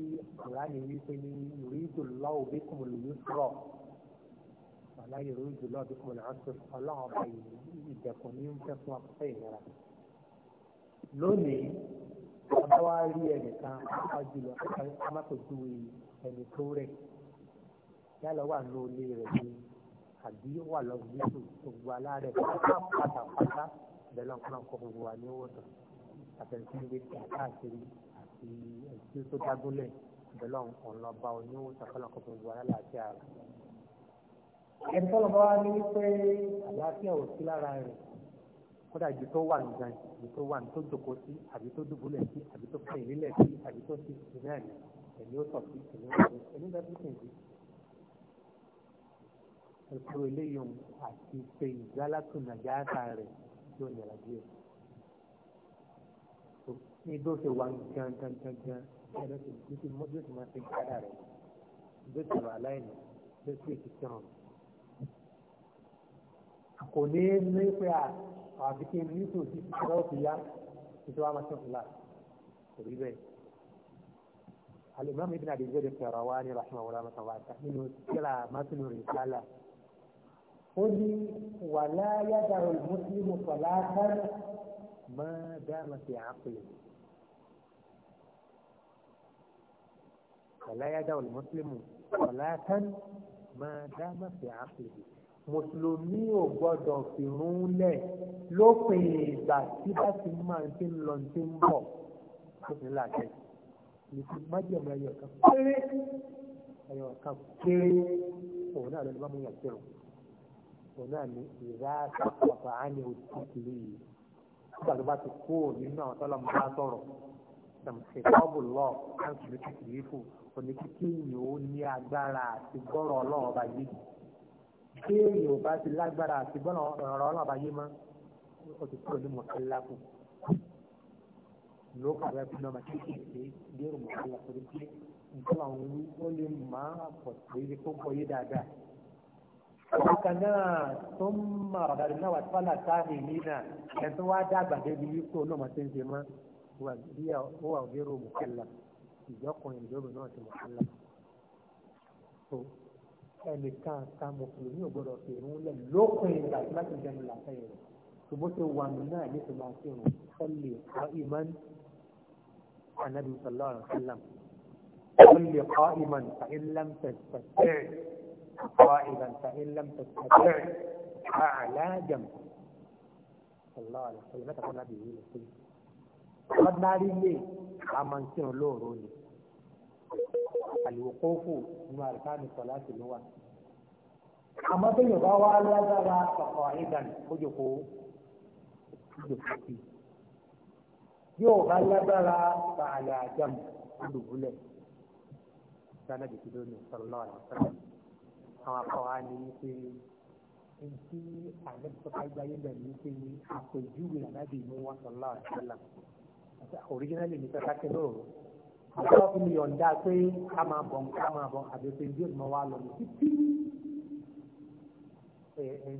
ìránì wípé ní yòrídù lọ́wọ́ bí kò lè yusra wàlá yòrídù lọ́wọ́ bí kò lè yusra ọlọ́run ọba ìdẹ̀kùn ní ń fẹ́ fún akọ́fẹ́ ìnira. lónìí ọba wa rí ẹnìkan apá jùlọ ká má ju ẹnì tó rẹ̀ yálà wà ní olè rẹ̀ ní àbí wà lọ sí gbogbo alárẹ̀ pátápátá bẹ́ẹ̀ náà kọ́nà kọ́ gbogbo wa ní wọ́tọ̀ àtẹ̀sí ilé káàkiri àti ẹ̀sìn tó dágúnlẹ̀ bẹ́ẹ̀ náà kọ́ lọ bá ọ ní wọ́tọ̀ kọ́nà kọ́ gbogbo wa lálàáfíà rẹ̀. ẹni tọ́lọ́ bá wá ní wípé àlàáfíà ò sí lára rẹ̀ kódà ibi tó wà nìkan ibi tó wà ní tó jókòó sí àbí tó dùbúlẹ̀ sí àbí tó fẹ̀yìn lílẹ̀ sí àbí tó sì sí náà ni ẹ̀mí ó sọ̀ sí ẹ̀mí ó sọ̀ sí ẹ̀mí bẹ́ẹ̀ ẹ̀kọ́ eléyìí àti ṣe ìgbálátù nàìjíríà rẹ̀ yóò nira díẹ̀. ní bó ṣe wà gan gan gan gan ẹ̀rọ tó ti ti mọ́jú tó máa ṣe gbára rẹ̀ bó ṣe wà láìní bó ṣe ti sọ̀rọ̀. kò ní ní pé àbí kí n nítorí ti sọ̀rọ̀ ti yá títí wàá máa ṣe fúlà kò rí bẹ́ẹ̀. الإمام ابن أبي زيد الشهرواني رحمه الله تعالى من كلا متن رسالة ó ní wàlá yàtàrà mùsùlùmù pọ̀lá kánú máa dáàmà sí àpèlè. wàlá yàtàrà mùsùlùmù pọ̀lá kánú máa dáàmà sí àpèlè. mùsùlùmí ò gbọ́dọ̀ fìrún lẹ̀ lópin ìgbà tí bá ti máa ń ti ń lọ ti ń bọ̀ lópin láti nìkan májèmọ̀ ẹyọ kan péré ẹyọ kan péré òun náà lọ́dún bá mú yàn kírun òun náà ní ìrá àtàkùn àní òtítìlì yìí nígbà tó bá ti kú nínú àwọn tọ́lọ́ mọ́ bá sọ̀rọ̀ ṣàmùsẹ̀ tọ́bù lọ káńsìlì kìkìrì fò òní kíkí yìí ó ní agbára àti gbọ́rọ̀ ọlọ́run ọba yìí tí èèyàn ò bá ti lágbára àti gbọ́rọ̀ ọlọ́run ọba yìí mọ́ ó ti kúrò ní mọ̀kẹ́lákù ló kàwé bí náà máa kíkì ṣe dérò mọ̀kẹ́lákù rí pé nǹkan àwọn ó lè máa pọ̀ sí kó bọ́ yé dáadáa bákan náà tó ń mọ ọ̀dàdì náà wà tọ́lá sáàmì yìí náà ẹ̀ tó wá dàgbà débi wípé olóòmọ tó ń ṣe mọ́ wà bí ó wà òbí ròmù kẹlẹ̀ ìjọkùnrin ìjọba náà ti mọ̀ kẹlẹ̀. tó ẹnìkan kan mùsùlùmí ò gbọdọ̀ fi irun lẹ̀ lókun ìgbà tí láti jẹun làkàyè rẹ̀ ṣùgbọ́n ṣe wà mí náà ní ìṣẹ̀lẹ̀ àti irun sọ́lẹ̀ kọ́ ìmán anabi sallallahu alayhi kọ́ ìmán قائدا فإن لم تستطع أعلى جنب صلى الله عليه وسلم متى كنا به مسلم قد ناري لي أما نسير له الوقوف من أركان الصلاة الهوى أما تيضاوى لذا فقائدا فجقوا fìdòkìtì yóò bá lágbára fàlẹ́ àjàm olùbúlẹ̀ sanadi kìlónì sọlọ́ọ̀lá sọlọ́ọ̀lá àwọn akọ̀wá ni wípé ntí àgbẹ̀sọ̀tà gbáyé bẹ̀rẹ̀ wípé àpèjúwe ànábì ní wọn sọ láwọn ìṣẹ̀lá òríjínálì ní pẹ́ká kí lóòrò àbúrò fún mi yọ̀ǹda pé ká máa bọ̀ ká máa bọ̀ àbí pé bí òmìnira wa lọ títí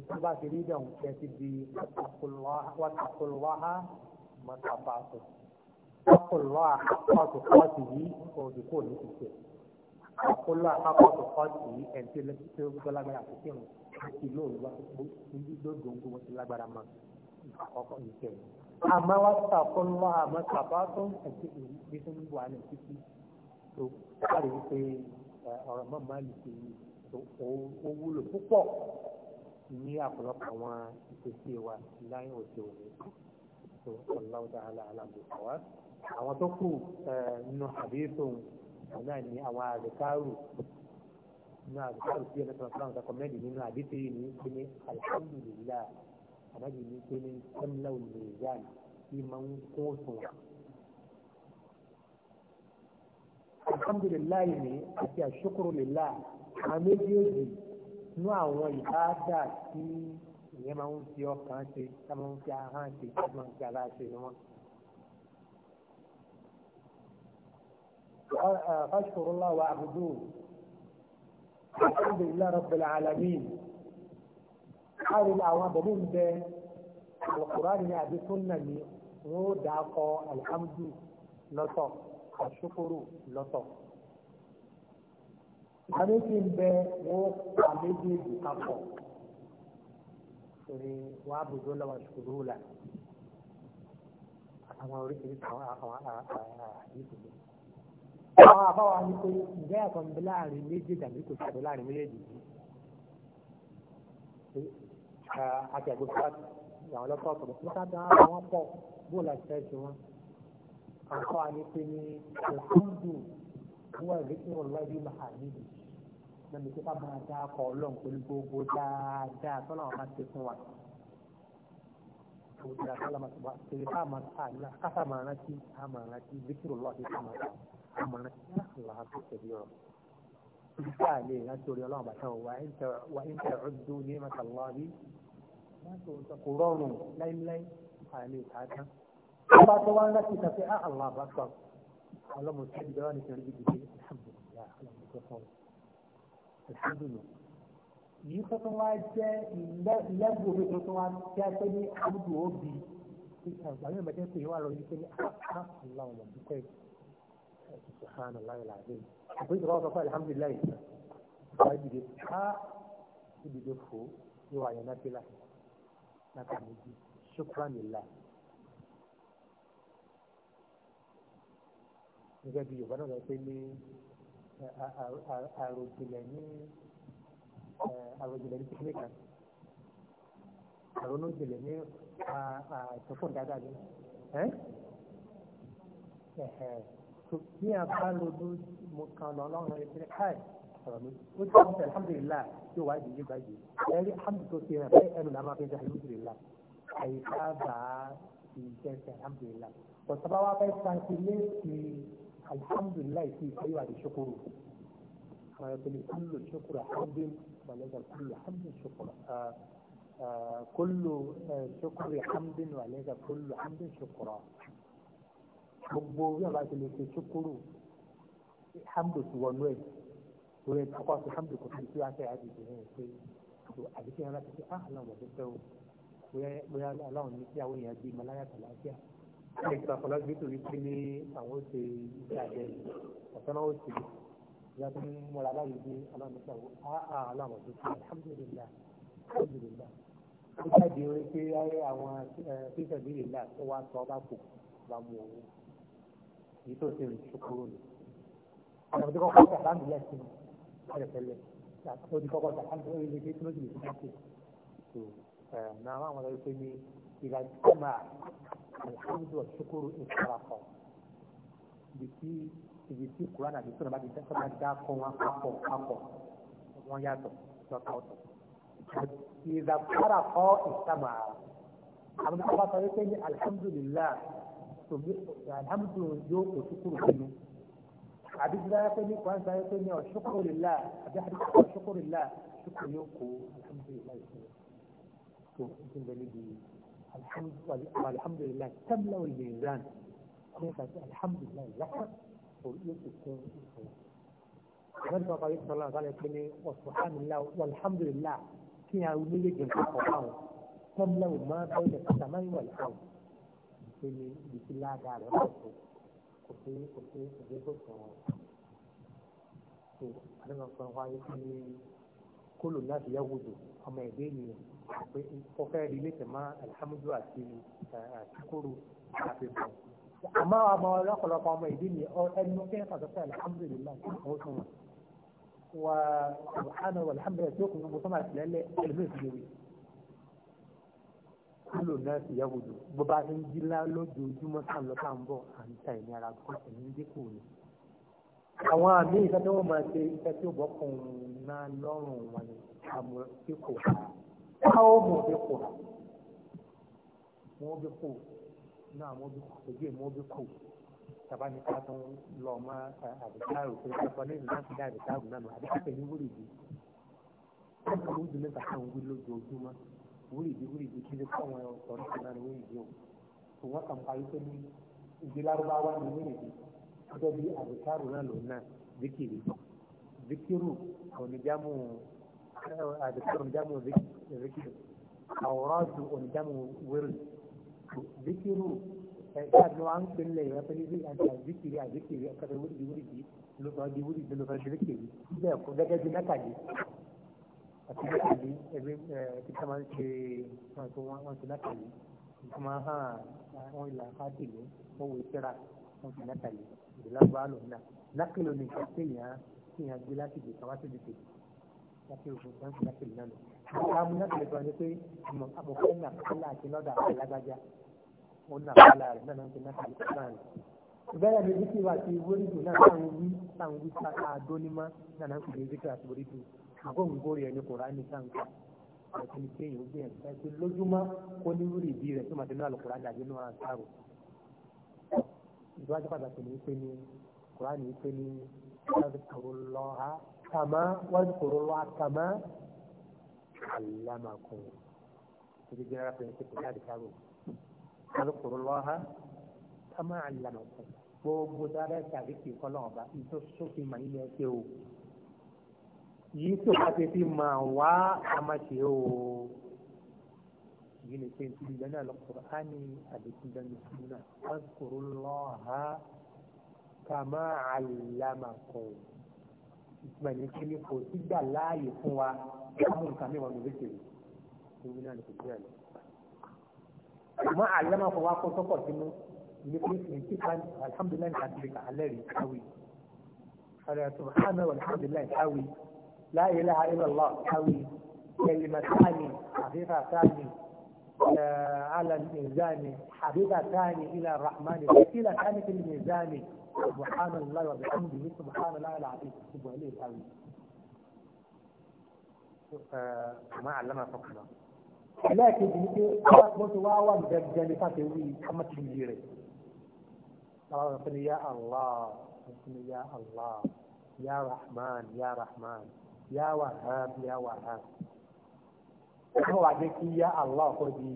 tó bá ti rí dàn kẹ́ ti di wàtàkùlọ́há mọ́tàfàtò wàtàkùlọ́há pàtó yìí òdìkò ní ti tẹ̀ kọ́lá apákọ̀tò kọ́ọ̀tù yìí ẹ̀ǹtí tí ó gbọ́ lágbára àti kírun àti lóòrùn wá lóògùn ogun wọn ti lágbára mọ́ àkọ́kọ́ ìkẹ́ àmọ́ wá sàkóńlá lọ àmọ́ sàbá tó ń ẹ̀ǹtí ìwé tó ń wà ní títí tó kárí wípé ọ̀rọ̀ mọ́ máa lè fi ó wúlò púpọ̀ ní àpọ̀lọpọ̀ àwọn ìpèsè wa láyé òde òní tó ọ̀làwọ̀dà aláàlá àwọn tó kù nínú àdéhùn òun náà ní àwọn àzùkárù nínú àzùkárù tí ẹni sọ̀rọ̀ fúnra ọ̀sán mẹ́rin nínú àdìsí yìí pé ní alhamdulillah ànájì ní pé ní sẹ́mílà olùyàn tí máa ń kó sùn. alhamdulillah yìí ní àti àṣukuru lillah àwọn méjèèjì nínú àwọn ìbáàdà tí ìyẹn máa ń fi ọkàn ṣe táwọn ń fi ahọ́n ṣe táwọn ń fi aláṣẹ ni wọ́n. فاشكروا الله واعبدوه الحمد لله رب العالمين هذه الاوان بلوم بين القران يعني سنني وداقا الحمد لطف الشكر لطف حميدين بين وحميدين بطاقا وعبدوا الله واشكروا له أنا أريد أن أقرأ حديثه àwọn àbáwá ni pé ǹjẹ́ àkànbí láàrin méjì tàbí kò sàtọ̀ láàrin méjèèjì àti àgbo sáàtì àwọn ọlọ́pàá ọ̀tọ̀ ní sáàtì àwọn pọ̀ bó la ṣe ṣe wọn àkọ́ àní pé ní alhamdu wọ́n rí kí wọ́n lọ́ọ́ bí mahamidi náà ní kíkà máa dá akọ ọlọ́run pẹ̀lú gbogbo dáadáa tọ́lá wọn máa ṣe fún wa gbogbo dáadáa tọ́lá wọn máa ṣe fún wa kèrè ká máa ṣe àná kásà bí kí wọ́n lọ́ọ́ bí àmọ̀ràn tí wọ́n lọ sí ìṣẹ̀lẹ̀ ọ̀rọ̀ nígbà lè rántí orí ọlọ́run bàtà wà ń tẹ ọdún ní mọ́tàlọ́rí kò rọrùn láíláí àlè ìtàkà wọ́n bá tó wá ń rántí ìtàkì àlọ́ àbáfà ọlọ́mọ tí ìjọba wọn ní sẹ́rí gidi dé alhamdulilayi yìí tó tó wá jẹ́ lẹ́gbù omi tó tó wá jẹ́ pé ní àbúrò òbí ìtàn ìgbà yóò mẹ́tẹ́ pé wà lọ yìí pé ní àlọ́ àbúkọ́ ìgbà subhanallahi الله العظيم. wọn sọ fún alihamudulilayi wọn dìde ká dìde fò ní wàyẹn نكمل. ti láti láti àmójú ṣukranillah. gẹ́gẹ́ bí yorùbá náà lọ pé ní àròjìnlẹ̀ ní àròjìnlẹ̀ ní píníkà àrònújìnlẹ̀ ní àtọ́fọ̀n dáadáa ní bí a bá lo dún mo kàn lọ lọ́rùn ẹgbẹ́ káì ọ̀rọ̀ mi ó ti sọ alhamdulillah tí ó wá ìdílé báyìí ẹ̀rí alhamdulillah tó ti rẹ̀ bẹ́ẹ̀ ẹnu làwọn afẹ́ jẹ́ alhamdulillah àyíká bá ìjẹ́ sẹ́ alhamdulillah ọ̀sọ́bá wa fẹ́ translate alhamdulillah sí ìfẹ́ ìwà ìṣokòrò àwọn ẹgbẹ́ kúlò ṣokòrò alhamdulillah wàlẹ́gbẹ̀ kúlò alhamdulillah ṣokòrò kúlò ṣokòrò alhamdulillah wàlẹ́gbẹ̀ kúlò alhamdulillah ṣokòrò gbogbo bí a bá ti lè ṣe ṣukuru hamdu ti wọnú ẹ orí ẹgbẹ akọ àti hamdu kò fi sí wáṣẹ àdìgbò náà pé àdìgbò yẹn láti ṣe á aláwọ ọdẹgbẹ o bóyá aláwọ ní kí àwọn èèyàn bíi malaya tàlàáfíà ní ìgbà fọlá gbé torí pé ní àwọn ó ṣe iṣẹ àjẹ ọ̀sán náà ó ṣe ìyá tó ń múra báyìí bí aláwọ nípa àwọn á ah, aláwọ ah, ọdẹgbẹ alhamdulilayi alhamdulilayi ó jáde orí pé àwọn fífẹ̀ bí ìlà tó wá sọ ọ bá kù bá mú owó èyí tó ṣe rè ṣokòrò ni àwọn tó kọ́kọ́ tà láàmì lẹ́sìn pẹ̀lẹ́pẹ̀lẹ́ àti tó di kọ́kọ́ tà láàmì lórí ilé tó lóṣù lè ṣe ṣe um, na àwọn ọmọ ìpè ní ìlàjúmọ̀ alhamdu ṣokòrò ìfarapọ̀ ibi tí ibi tí kuran àti sọ̀rọ̀ bá ti dá sọ́kà dá kọ́ wọn papọ̀ papọ̀ wọn yàtọ̀ lọ́tọ̀ ọ̀tọ̀ ìdàkárà kọ́ ìsàmà àwọn alhamdulillah يعني الحمد يوق شكر منه عبد الله يقول وانسى يقول لي الشكر لله عبد الله الشكر لله شكر يوق الحمد لله شوف الحمد الحمد لله تملأ الميزان الحمد لله يحفظ ويوق يكون من فضل الله صلى الله عليه وسلم وسبحان الله والحمد لله كي يوميك القرآن تملأ ما بين السماء والأرض pé ní ibi tí ládàá rẹ̀ kò tó kò pé kò pé kò dé kò tó wọn. tó adébọ̀sán wáyé pé ní kólò láti yá wòdò ọmọ ẹ̀dẹ́ ènìyàn pé ó fẹ́ rí ilé tẹ̀mọ́ alihamudu àti àtikóró àfihàn. àmọ́ àwọn ọlọ́pọ̀lọpọ̀ ọmọ ẹ̀dẹ́ ènìyàn ẹnu kẹ́kẹ́ pàtàkì alihamudulilayi ó wà á subhanahu alhamdulilayi tó kún gbogbo sọ́mà ìtìlẹ́lẹ̀ ẹlòmíràn ti kúlò náà sì yàgòdò bó bá ti ń jí lójoojúmọ́ tá à ń lọ tá à ń bọ̀ à ń ta ìní ara gbọ́ ẹ̀mí ń dínkù ni. àwọn àmì ìfẹ́ tí wọ́n máa ṣe iṣẹ́ tí ó bọ́kùn náà lọ́rùn wọn ni àmọ́ bí kò káwọ́ mọ̀ bí kò mọ̀ bí kò náà mọ̀ bí kò ojú ẹ̀ mọ̀ bí kò tàbá ní ká tó ń lọ ọmọ àdìsáàrò tó ń sọ lẹ́yìn láti dá àdìsáàrò náà nù àdìsáàrò ní wúrì yìí. wọ́n kàn ń dun mẹ́ta kan wí lójoojúmọ́ wúrìdì wúrìdì kí ló kọ́ àwọn ọ̀rọ̀ ìṣẹ̀lẹ̀ ní wúrìdì o kò wọ́n kàn parí pé ní ìdí lárúbáwá ní wúrìdì gẹ́gẹ́ bí àbùkárù náà lòun náà zikiri zikiru onídàmú àbùkárù onídàmú zikiru àwòránṣu onídàmú wúrì zikiru ẹ̀ka ni wọ́n á ń pè ní lẹ́yìn wọ́n ní àzikiri àzikiri ọ̀kadà wúrìdì wúrìdì ló fà di wúrìdì ló fà di zikiri bẹ́ẹ̀ kó gẹ́gẹ́ bí mẹ́tàdí àti lákàlí ẹgbẹ́ ẹbí tá máa ń ṣe wọn tó wọn ṣe lákàlí nǹkan máa hàn wọn ìlà fàdìlẹ wọn wò ìṣẹ́ra wọn ṣe lákàlí ìdílágbá lò náà lákìlò ní nǹkan tí èèyàn tí èèyàn gbé láti ìdè kan wá sí ìdè láti òkú tó ń ṣe lákìlì náà lọ. àwọn amúnákìlì kan ní pé àmọ̀fẹ́ nà kálá àti lọ́dà alágbájá ó nà kálá rẹ̀ náà ń ṣe lákàlí láàrin. bẹ́ẹ̀ ni bíkì wà sí wórídù náà táwọn wí táwọn wí sáà dónímọ́ náà náà ń pè é àti wórídù àgóǹgóri ẹni kùránì sáǹkà àti ní kéèyàn gbé ẹ̀ ẹ pé lójúmọ́ kó ní rúrì bí rẹ̀ tó máa ti ní àlùkùránì àbí nínú ara sáàrò ìwádìí pàtàkì ní pé ní kùránì ní pé ní wàzùkùrùlọ́ha kàmá wàzùkùrùlọ́ha kàmá àlámàkùn ìdí jẹ́rẹ́ pé ṣe kò jáde sáàrò wàzùkùrùlọ́ha kàmá àlámàkùn gbogbo dáadáa tàbí kì ìtọ́sọ́fin màá ilé ẹ yìí tó bá ti fi máa wá àmàṣe o yìí ni pé n ti di dáná lọ́kùnrin á ní àdékùn dáná sí náà wọ́n kúrò lọ́ha kàmá àlámàkọ̀ ìtumọ̀ ní kí ni kò sígbà láàyè fún wa káwọn nǹkan mẹ́wàá ló lékè rè ìwé náà ní kò sí àlọ́. kàmá àlámàkọ̀ wa kọ́ sọ́kọ̀ sínú ní pé ní kíkà alhamdulilayi àti àlẹ́ rí káwí. Subhana wa alhamdulilayi káwí. لا إله إلا الله كلمة أو ثاني خفيفتان على الميزان ثاني إلى الرحمن ثاني في الميزان سبحان الله وبحمده سبحان الله العظيم سبحان الله العظيم آه، ما علمنا فقط لكن بنتي خلاص قلت واو مدجل فتوي كما تجيري قال يا الله يا الله يا رحمن يا رحمن ya wahab ya wahab wọ́n wá jẹ́ kí ya allah kọ́ di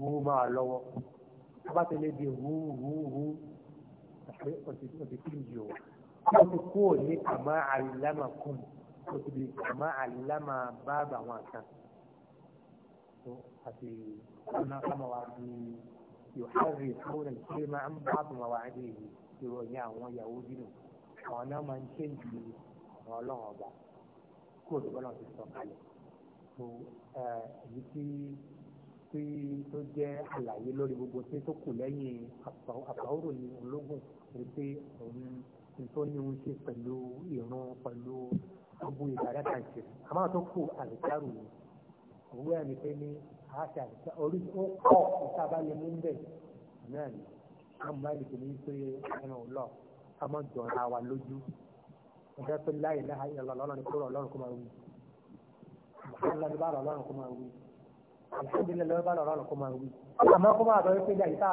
wú máa lọ́wọ́ bá ti lè di wú wú wú òtí kí n jò wọ́n ti kú òní àmọ́ àlìlámà kùn òtí di àmọ́ àlìlámà bábà wọn kan àti ọ̀nà kama wa di yòhárì fún ẹ̀ṣẹ́ máa ń bá àtùmọ̀ wà á ìròyìn àwọn yahoo dínú àwọn náà máa ń ṣe ìdílé àwọn ọlọ́run ọba kúrò tó bọ́lá ti sọ kalẹ̀ tó èyí tí tí tó jẹ́ àlàyé lórí gbogbo tí tó kù lẹ́yìn àpáwòrò ní ológun ní pé òun tó ní òun ṣe pẹ̀lú ìran pẹ̀lú gbogbo ìbàdàn kàǹtì àmọ́ tó kù àlùkárù ni òwúrọ̀ ẹni pé ní àṣà orí ó kọ́ ìtàbálẹ̀ mú bẹ́ẹ̀ náà ni àmọ́ ìdílé pé ẹran ò lọ àmọ́ jọra wa lójú nǹkan tó láyé láha ìlànà ọlọ́run kúrò ọlọ́run kó máa wí alhamdulilayi bá lọ ọlọ́run kó máa wí alhamdulilayi bá lọ ọlọ́run kó wí àmọ́ kó máa bẹ̀rẹ̀ ìbáàdà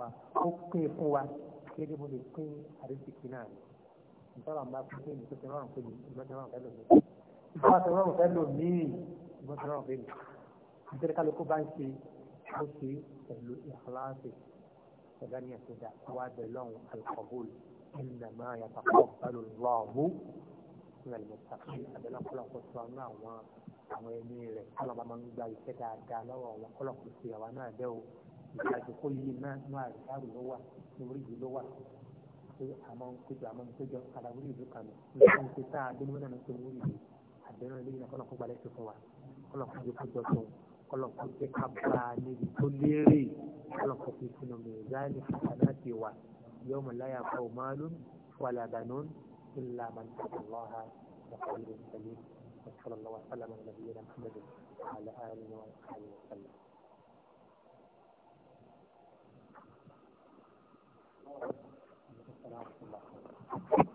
wa ó pín fún wa kéde mo lè pín àdéhùn náà nítorí àwọn bá pín pé mi tó ti rọrùn pé mi ìgbọ́n mi ìgbà tó rọrùn fẹ́ lò míì ìgbà tó rọrùn fẹ́ lò nítorí kálukú bá ń ṣe ó ṣe pẹ̀lú ìfúláṣẹ ẹ̀dá ní ẹ̀sẹ̀ dá wá bẹ̀ lọ́hùn alkọ̀bùl ìnàmá yàtọ̀ pọ̀ pẹ̀lú lọ́ọ̀mù ní àlùmọ̀tàkì àbẹ̀lọ́kọ̀lọ́ kò sọ ní àwọn àwọn ẹni rẹ̀ kọ́lọ́ bá máa ń gba iṣẹ́ dáadáa lọ́wọ́ wọn kọ́lọ́ kò sí àwa náà bẹ́ o ìdájọ́kọ́ yìí náà ní àrídárù ló wà ní orí ìlú ló wà pé àmọ́ ń péjọ àmọ́ ń péjọ àdàwórí ìlú kan ní ìlú tá a dé ní náà ń pè ní orí ìlú àbẹ̀rẹ̀ lẹ́yìn náà kọ́lọ́kọ́ gbalẹ̀ sí fún wa kọ́lọ́kọ́ jẹ́ kọjọ tó kọ́lọ́kọ́ jẹ́ kábàá níbi tó léèrè kọ́lọ́kọ́ fi sínú mẹ́zánì àtàláti wa yóò mọ̀ láyà fọ́ màálù wàlà dànún ilà màtàkàlọ́ha وقوله السليم وصلى الله وسلم على نبينا محمد وعلى اله وصحبه وسلم Thank you.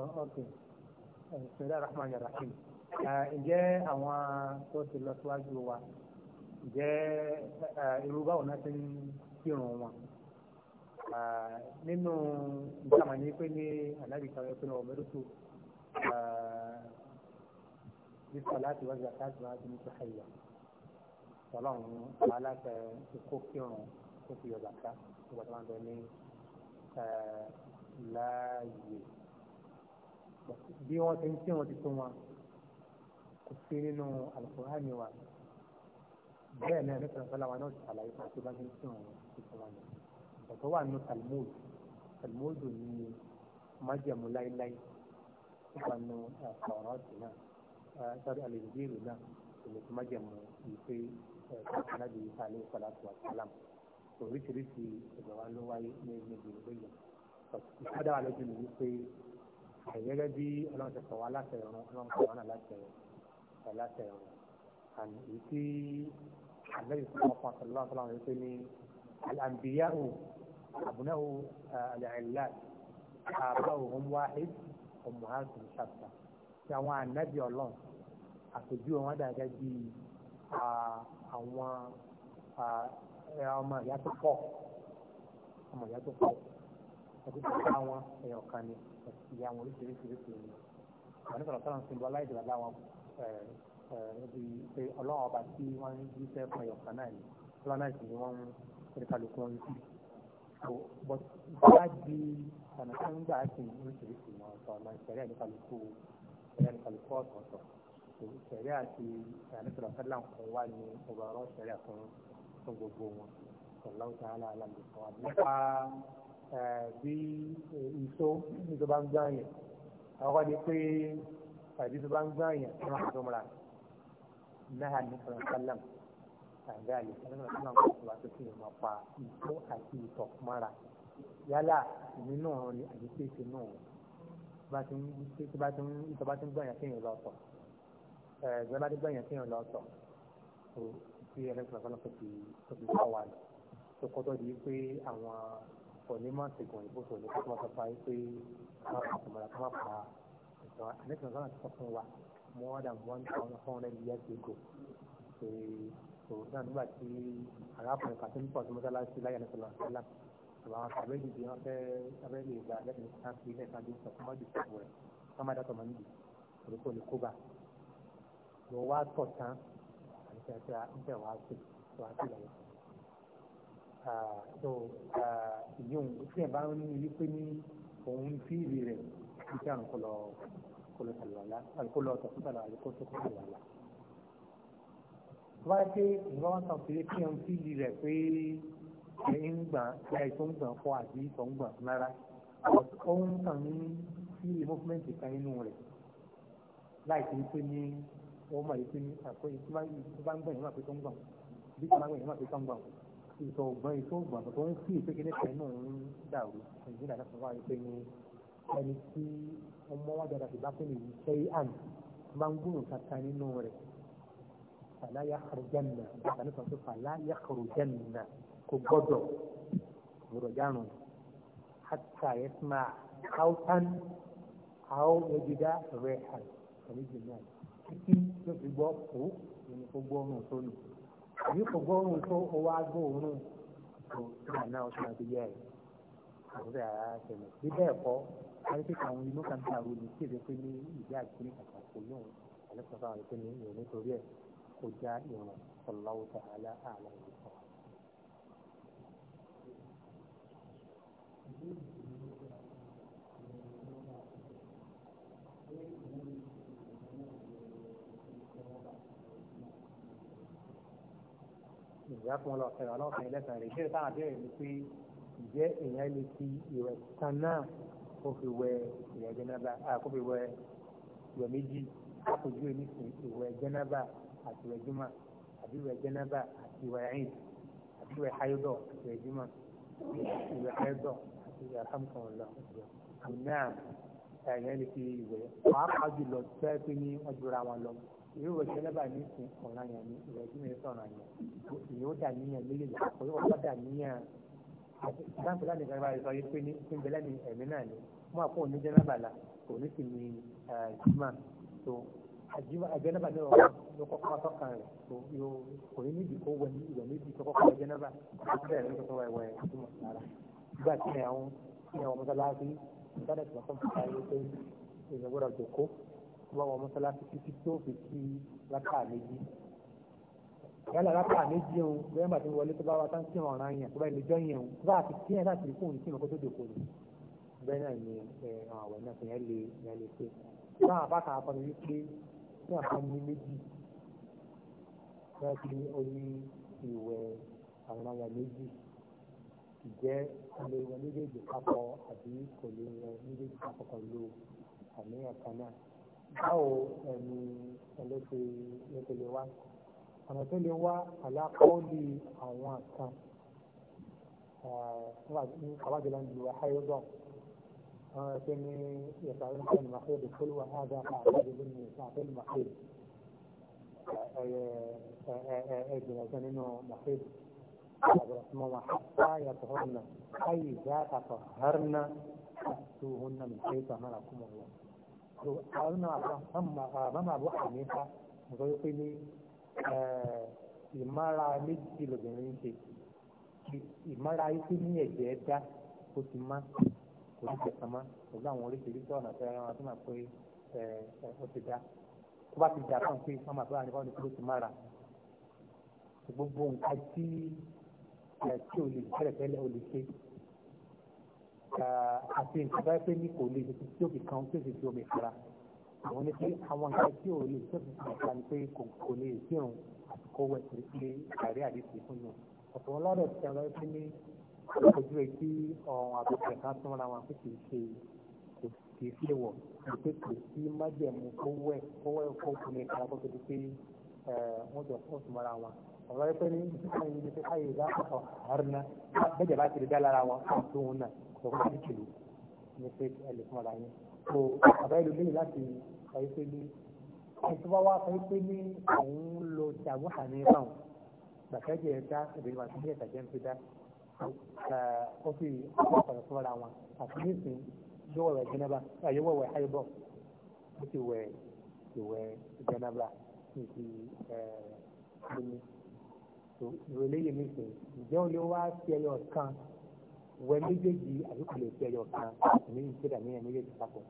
ọ̀kẹ́ ìṣẹ̀lẹ̀ rahman rahim ǹjẹ́ àwọn tó ti lọ síwájú wa ǹjẹ́ eh, irú báwo náà ti ń kírun wọn eh, nínú ìgbàmọ̀ ní pé ní aláàbí sọ̀rọ̀ pé ọmọ ẹ̀rọ tó eh, nípa láti wájú àkáàtì wọn àti nípa àyà ọlọ́run aláṣẹ ikú kírun tó fi ọ̀gá ká ìgbà tó wọn bẹ ní láàyè bí wọ́n ti ń tí wọ́n ti tó wọn kò sí nínú Al-Qur'ani wa bẹ́ẹ̀ náà ní sọ̀rọ̀ sọ́la wa náà ti ṣàlàyé fún àti bá ti ń tí wọ́n ti tó wọn ni ọ̀tọ̀ wà nínú Talmud Talmud ní májẹ̀mú láíláí wà nínú ọ̀rọ̀ ọ̀sìn náà sọ́rí alèjìdìrì náà ìlú tó májẹ̀mú ìpè kàkànàbí ìsàlẹ̀ ìfọ̀làtò àtàlám oríṣiríṣi ìgbà wa ló wáyé ní ìgbìyànjú yìí ìfádà wa lójú nìyí pé gẹ́gẹ́ bí ọlọ́run ti sọ wá láti ẹ̀rọ ọlọ́run sọ wá náà láti ẹ̀rọ láti ẹ̀rọ àmì èyí tí àlẹ́yìn fún ọkọ̀ àtàlọ́wọ́ àtàlọ́wọ́ àwọn ẹgbẹ́ ní àlàǹbíyáhù àbúnáhù àlẹ́ẹ̀lá àbáwò ọmọ wáhid ọmọ hàtùn ṣàtà tí àwọn ànábì ọlọ́run àpèjú wọn dàgẹ́ bí àwọn ọmọ ìyá tó pọ̀ ọmọ ìyá tó pọ̀ àti bàbá wọn ẹ̀yọ̀ kan ni ìyá wọn oríṣiríṣiríṣi ni àwọn ìfọ̀rọ̀ sọ̀rọ̀ sí bọ́lá ìdè bàbá wọn níbi pé ọlọ́run ọba tí wọ́n ń jí fẹ́ fún ẹ̀yọ̀ kan náà ni ọlọ́run náà sì ni wọ́n ń kiri kálukú wọn sí. bọ́lá di ọ̀nà tó ń gbà sí oríṣiríṣi ni wọ́n sọ ọ̀nà ìṣẹ̀rẹ́ ní kálukú ìṣẹ̀rẹ́ ní kálukú ọ̀tọ̀ọ̀tọ̀ ìṣẹ̀rẹ́ àti ànífọ̀rọ̀ sọ́lá nǹkan wá ní ọ̀rọ̀ ìṣẹ̀rẹ́ fún gbogbo wọn bí ìṣó ní tó bá ń gbá yẹn àwọn kan ní pé àbí tó bá ń gbá yẹn kí wọ́n tó múra náà ní sàlám àgbà àlè sàlám àti náà kò tó wá tó fi ìmọ̀ pa ìṣó àti ìtọ̀ mọ́ra yálà ìmí náà ni àbí pé ìṣó náà tó bá ti ń ìtọ̀ bá ti ń gbá yẹn kéèyàn lọ sọ ẹ̀ẹ́dẹ́ bá ti gbá yẹn kéèyàn lọ sọ tí ẹlẹ́sìn àfọlọ́pọ̀ ti tó fi kọ́ wa lọ tó kọ́ di pé àwọn kò ní má ṣe ìbò sọ̀rọ̀ kó má sọ̀fà yìí pé àtùmọ̀lá kó má pa ìtàn àdéhùn náà ti sọ fún wa more than one thousand four hundred years ago ṣe òun náà nígbà tí arákùnrin kan tó ń pọ̀ sí láyé ní sọ̀rọ̀ àṣálà àwọn àbẹ́ ìdìbò wọn fẹ́ abẹ́ lè gba lẹ́nu kan sí ilé ìtajà ìsọ̀ fún mọ́jú ìsọ̀kù rẹ̀ wọ́n má dátọ̀ mọ́ òrùkọ́ ní kóbá lọ wá tọ̀ tán àti ṣe àti àti àti àwọn àti ìlànà so ìyóhùn tí bá ń ní pé ní òun fi ìrì rẹ̀ bí kí àrùn kọlọ kọlọ sàlùwàlá àlùkọlọ ọ̀tọ̀ fún sàlùwàlá àlùkọlọ tó kọ́ sàlùwàlá. tó bá pé ìgbà wọn sàn pé kí òun fi ìrì rẹ̀ pé ẹ̀ ń gbà ẹ̀ tó ń gbà fọ́ àbí tó ń gbà rárá òun kàn ní sí movement kan nínú rẹ̀ láì tó ń ní wọ́n mọ̀ yìí pé ní àpò ìtura yìí ń gbà yìí má pé tó ń gbà bí tó ń gbà yìí má pé tó ń gbà ìtọ̀ ọ̀gbọ́n ìtọ̀ ọ̀gbọ́n àtọ̀tọ̀ ń fi ìpé kíní kan náà ń dàrú nàìjíríà láti wá ìpé ní ẹni tí ọmọ wájú àdàtì bá pè ní ìṣe àn máa ń gbóhùn kankan nínú rẹ̀ fàlàyà kàrùjẹ́nà àtàlù kan tó fàlàyà kàrùjẹ́nà kò gbọ́dọ̀ gbọ́dọ̀ járùn hàtà yẹtùmá káwùtán àwọn ojúdá rẹ̀ hàn kàníjì náà títí yóò fi gbọ́ òun ìyẹn kó gbọ́ ọ̀nà tó nù àbí kò gbóòórùn tó o wá gbóòórùn tó nígbà náà ó ti máa ti yẹ ẹ̀ àwọn ọ̀rẹ́ ara ṣẹlẹ̀ bí bẹ́ẹ̀ kọ́ ayé pé àwọn inú kan dàrú ní tí èdè pé ní ìdí àgbẹ̀ nígbà kò lóhùn àlẹ́ pàpà àwọn ìpínlẹ̀ ìròyìn nítorí ẹ̀ kó já ìrọ̀rùn ọ̀làwọ̀ tààlà àlàyé. ìyá tó ń lọ fẹ́ràn ọlọ́ọ̀kan ẹlẹ́sàn rẹ̀ ìbéèrè táwọn abẹ́rẹ́ ni pé ǹjẹ́ èèyàn lè fi ìwẹ̀ kan náà kó fi wẹ ìwẹ̀ jẹnẹba kó fi wẹ ìwẹ̀ méjì àpòjú èmi fún ìwẹ̀ jẹnẹba àti ìwẹ̀ jùmọ̀ àbí ìwẹ̀ jẹnẹba àti ìwẹ̀ ẹ̀yìn àbí ìwẹ̀ hayodọ̀ àti ìwẹ̀ jùmọ̀ ìwẹ̀ hayodọ̀ àti ìwẹ̀ akámùkàn lọ àmì náà èèyàn lè fi ìwẹ̀ pàápàá jùlọ tẹ́ẹ́ pé ní ọjọ́ wọn lọ yóò wọ jẹnẹba ní ìsìn ọ̀ràn yẹn ní ìrẹ́jú mi sọ̀ràn yẹn yóò dà níyàn méjèèjì àkọ́yé wọn dà níyàn dáńtò láti ìgbà ìgbà yìí pé ní ń bẹ̀lẹ́ ní ẹ̀mí náà ni mú àpò òní jẹnẹba la kò ní sì ní jimá tó àjẹnẹba ní ọkọ ló kọ́kọ́ wá sọ́kàn rẹ̀ tó yóò kò ní níbi kó wọ ní ìwẹ̀ níbi tó kọ́kọ́ wọ jẹnẹba tó bẹ̀rẹ̀ ní kọ́kọ́ wọ ìwẹ̀ ìtumọ̀ sára nígbà tí àwọn ọmọ wọ́n wọ mọ́sálásí títí tó fi kí rákà méjì yálà rákà méjì òun bẹ́ẹ̀ bá ti wọlé tó bá wá sáńtì ọ̀ràn yẹn tó bá ilé jọ yẹn òun bá ti kí ẹ̀ láti rí fóun kí ìmọ̀kó tó dòkó ni bẹ́ẹ̀ náà ni àwẹ̀ náà fi yẹn lè yẹn lè pé báwọn apá kan akọni wípé tí àpá ní méjì bẹ́ẹ̀ ti oní ìwẹ̀ àwọn ọmọ méjì ìjẹ́ ilé wọn méjèèjì papọ̀ àbí kò lè wọn méjèèjì papọ̀ pẹ̀lú àníyàn kan náà báwo ẹ̀mí ẹlẹ́sẹ̀ lẹ́tẹ̀lẹ̀ wá ọ̀nà tó lè wá àlákọ́ọ́lì àwọn kan kàwájọ́lá ń lu àháyọ́dọ̀ àwọn ẹgbẹ́ ní ìyàtàwọn kan màáyọ̀dọ̀ fúlù wà áàdá àbájọ́lá ní ìyàtàwọn màáyọ̀dọ̀ ẹgbẹ̀rẹ̀gbẹ̀ nínú màáyọ̀dọ̀ àbúrọ̀sọ́mọ́ wà hàtà yàtọ̀ hàn náà ayé ìjà àtàkọ̀ hàn náà àti òhun náà màáyọ̀dọ̀ àmàlà kúmọ̀ wọn tó àwọn náà àbámà bó àmìta nǹkan wípé ní ìmára méjì lóbìnrin ń ṣe ìmára wípé ní ẹ̀jẹ̀ dá ó ti má kò ní tẹ̀sán má pẹ̀lú àwọn oríṣiríṣi ọ̀nà tó yára wọn tó máa pé ó ti dá tó bá ti dà kàn pé wọ́n máa pé wà ní báwọn ìṣòro ti mára gbogbo nǹkan tí tí o lè tẹ́lẹ̀tẹ́lẹ̀ o lè ṣe àti ìjọba pé ní kò lè ṣe tí ó fi kan tí ó fi fi omi fara àwọn ní pé àwọn nǹkan tí ò lè ṣe fi fi kan ni pé kò lè ṣe òun àtikọ́ wẹ̀ pé pé àrí àdìsí fún yàn ọ̀pọ̀ ọlọ́dọ̀ ti ọ̀rọ̀ pé ní ojú ẹ tí ọ̀hún àbẹ̀tẹ̀ kan tún ra wọn pé kì í ṣe kò kì í ṣe wọ̀ pé kò sí májẹ̀mú kó wẹ̀ kó wẹ̀ kó kùnrin kan kó tó di pé wọ́n jọ fọ́ọ̀tù mọ́ra wọn ọ̀rọ̀ ẹgbẹ́ ní ìdíkà yìí ní pé káyè ìdá ọ̀tọ̀ àárín náà bẹ́jẹ̀ bá ti rí dálára wọn tó wọn náà kò kọ́ sí kìlú ní pé ẹlẹ́ fún ara yín tó ọ̀rọ̀ ẹlò lẹ́yìn láti sọ pé ní ẹtí wá wá sọ pé ní òun lo jàbú àní fáwọn gbàtẹ́jẹ̀ ẹ̀dá ìbẹ̀rẹ̀ wà sí ilé ìtàjẹ́ ń fi dá ó fi ọ̀pọ̀lọpọ̀ fún ara wọn àti nísìn yóò wẹ̀ jẹ́nẹ́bà àyẹ̀wò wẹ̀ tó ìrò eléyìí nìkan ìjẹ́ o ló wá sí ẹyọ kan wẹ méjèèjì àbí kò lè sí ẹyọ kan ní ìṣẹ̀dá ní ẹ̀mí méjèèjì papọ̀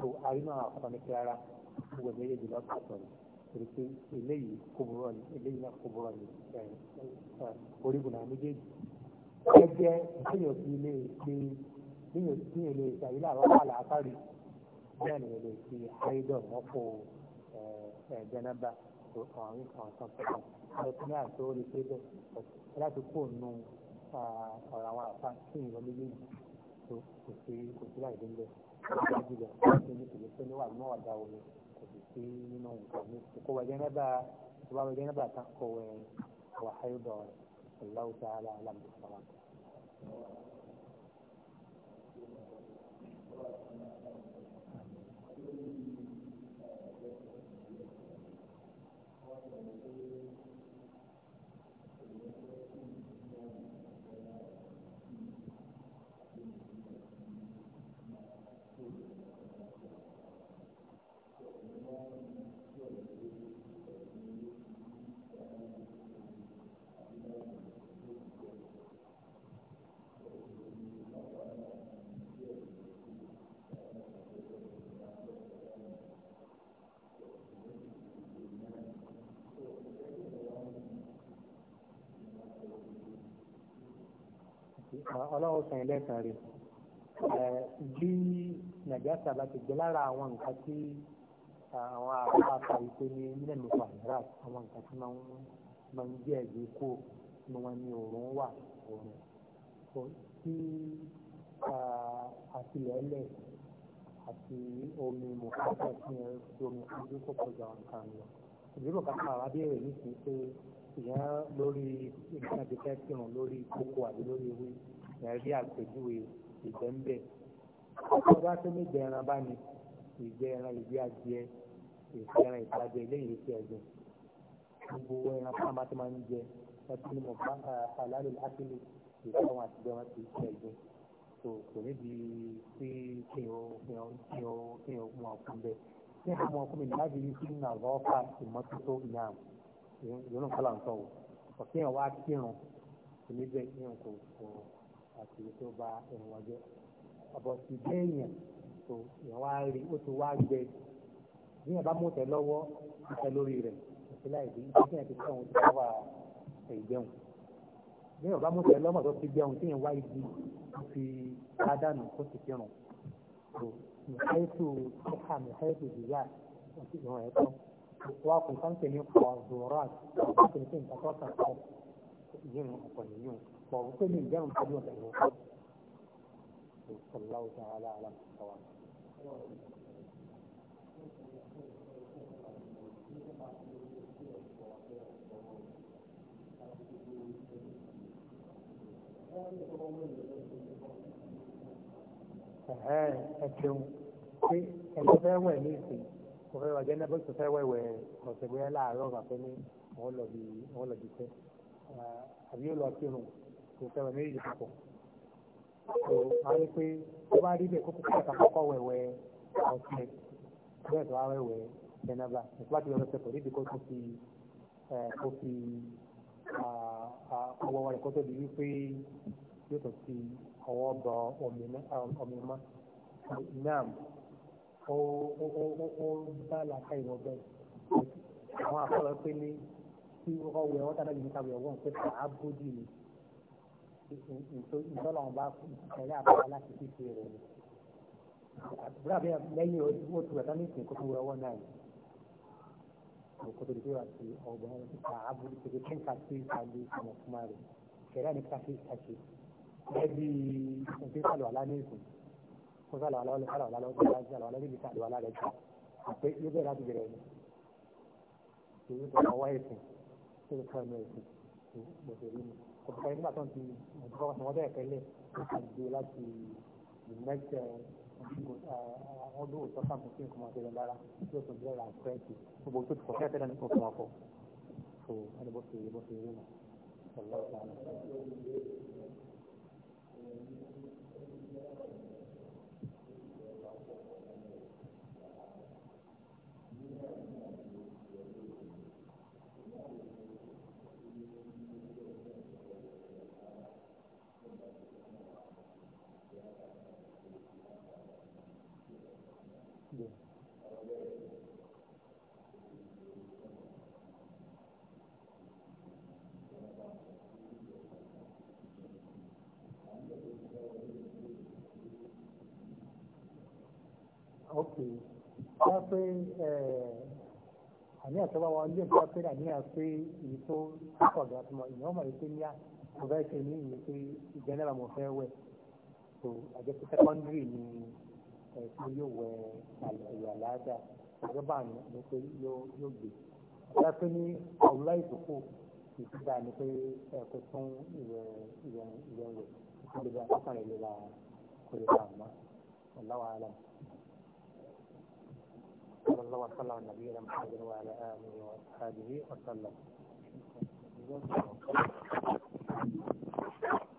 tó arínà àkọ́ni kí rárá wẹ méjèèjì lọ́pọ̀ torí pé eléyìí kò búrọ̀ ni eléyìí náà kò búrọ̀ ni orígun náà méjèèjì ẹgbẹ́ kéèyàn fi lè ṣe kéèyàn fi lè ṣe àyílà àrọ́pàá làákàrí bẹ́ẹ̀ ni lè ṣe àìdọ̀ rọ́pò ẹ̀ẹ́dẹ́nàbà tó àwọn àwọn kan tó kàn àwọn tó ní àti ó lè pé bẹ́ẹ̀ láti kó nu ọ̀rọ̀ àwọn àfa sí ìran méjèèjì tó kò sí kò sí láì délé láti lọ láti ní ìlú pé níwà náà da omi kò sì sí nínú nǹkan mi kò wà jẹ́nẹ́ bá tó ó san ẹlẹ́sàn rẹ̀ bí nàìjíríà bá ti gbé lára àwọn nǹkan tí àwọn àpapọ̀ ìpè ní mílíọ̀nù pàdánù àwọn nǹkan tí máa ń jẹ́ ẹ̀gbẹ́ kó ni wọ́n ní òórùn wà òórùn tí àtìlẹ́lẹ̀ àti omi mùkátà tí ẹ fi omi ojú kò kọjá nǹkan lọ. ìdúró kan kan àbábẹ́rẹ́ yìí pé ìyẹn lórí ìgbàgbẹ́kẹ́ kírun lórí kókó àbí lórí ewé yẹn rí àpèjúwe ìgbẹ́ ń bẹ̀. ọba tó ní ìgbẹ́ ẹran bá ní ìgbẹ́ ẹran ìgbẹ́ adìẹ ìgbẹ́ ẹran ìgbàjẹ eléyìí ti ẹ̀gbìn. gbogbo ẹran fún àmà tó máa ń jẹ wọ́n ti ní mọ̀ bá àlálò lákìlì ìgbẹ́ àwọn àtijọ́ wọn ti ti ẹ̀gbìn. kò kò níbi tí kí o kí o kí o kí o mú ọkùn bẹ́ẹ̀. kí o mú ọkùn mi láti rí sí nàlọ́ fa ìmọ́tótó ìyàm ìrònú kọ́là ń tọ̀ wọ̀ kí o wá kírun kò ní bẹ́ẹ̀ kírun kò kò àti tó bá ẹ̀wọ̀n jẹ́ ọ̀bọ̀ ti bẹ́ẹ̀yàn tó ìwọ̀n á rí ó ti wá gbẹ bí yẹn bá mú tẹ lọ́wọ́ tẹ lórí rẹ̀ ìpínlẹ̀ èdè ìdí yẹn ti sọ̀hún tó wà ìgbẹ́hùn bí yẹn bá mú tẹ lọ́mọ̀ tó ti gbẹ́hùn tí yẹn wá igi tó fi ládànù tó ti fi rùn tó nìkáyétò ẹ̀ka nìkáyétò ìyá àti ìwọ̀n ẹ̀kọ́ wọ́n á kún sáńtẹ̀ ní kọ̀ọ̀dùnrán àti ìpínlẹ̀ ìtàkọ́ta ìyẹn ọ̀pọ̀ nìyẹn. وكل جرم قدوة له صلى الله تعالى على الصواب ẹ̀ṣẹ̀un pé ẹ̀ṣẹ̀ fẹ́ wẹ̀ ní ìsìn kò fẹ́ wà jẹ́nẹ́bó tó fẹ́ wẹ̀ wẹ̀ ọ̀sẹ̀ bóyá láàárọ̀ bàbá ní wọ́n lọ àbí yóò lọ kò fẹ́ràn méjì papọ̀ tó a rí pé tó bá rí bẹ́ẹ̀ kókó kíkà kọ́kọ́ wẹ̀wẹ̀ ọ̀sẹ̀ bẹ́ẹ̀ tó wá wẹ̀wẹ̀ jẹnaba ìfúlá ti lọ́dọ̀ sẹ́kọ̀ọ́ níbi kó fi kó fi ọwọ́ rẹ̀ kó tó di wípé yóò tó fi ọwọ́ bọ omi mọ́ nam ó bá làákà ìwọ bẹ́ẹ̀ àwọn àkọlọ́ pé ní tí ọwọ́ ẹ̀ wọ́n tàbí ìwọ́n pé kà á bójú ni ìtọ́lọ́wọ́n bá ìtẹ̀lé àbúrò láti fífi rẹ̀ ni àbúrò àbẹ́ lẹ́yìn ó ti wẹ̀tá ní ìsìn kó tó wọ́wọ́ náà ni kó tó dìbò àti ọgbọ̀n ìta àbúrò tó kí n sí ìtàlẹ̀ ọmọ fún máa rẹ̀ kẹ̀rẹ́ ní káfí ìtàkì ẹbí ìpín sàlọ̀ alá ní ìsìn kó sàlọ̀ alá ọlọ́ sàlọ̀ alá lọ́wọ́ kò fẹ́ nígbà tó ń ti ìjọba wọn wọ́n bẹ̀rẹ̀ tẹ́lẹ̀ àgbè láti ìmẹ́jẹ àwọn olówó tó sàmù sí nǹkan ọ̀sẹ̀ lọ lára tí ó tó jẹ́ ra fẹ́ẹ̀tì gbogbo tó ti kọ̀ fẹ́ẹ̀ tẹ́lẹ̀ nípa òfin ọkọ̀ so ẹni bó ṣe bó ṣe rí nà ọ̀lá ọ̀la pé àníyàn tó bá wà ní nǹkan pé àníyàn pé èyí tó kọ̀gà tó mọ ìyẹn ọmọ yìí pé ní à mo fẹ́ ṣe ní ìyẹn pé general mo fẹ́ wẹ̀ tó àjẹ pé secondary ni ẹ̀sìn yóò wẹ ẹ̀yà láàdá ọjọ́ bá ní ní pé yóò gbé ọjọ́ pé ní ọ̀la ìsòkò ìsìgbà ni pé ẹ̀kọ́ fún ìwẹ̀ ìwẹ̀ ìwẹ̀ ìwẹ̀ ìlera ọkàn ìlera kò lè bá àmọ́ ọ̀la wàhálà. صلى الله وسلم على نبينا محمد وعلى اله واصحابه وسلم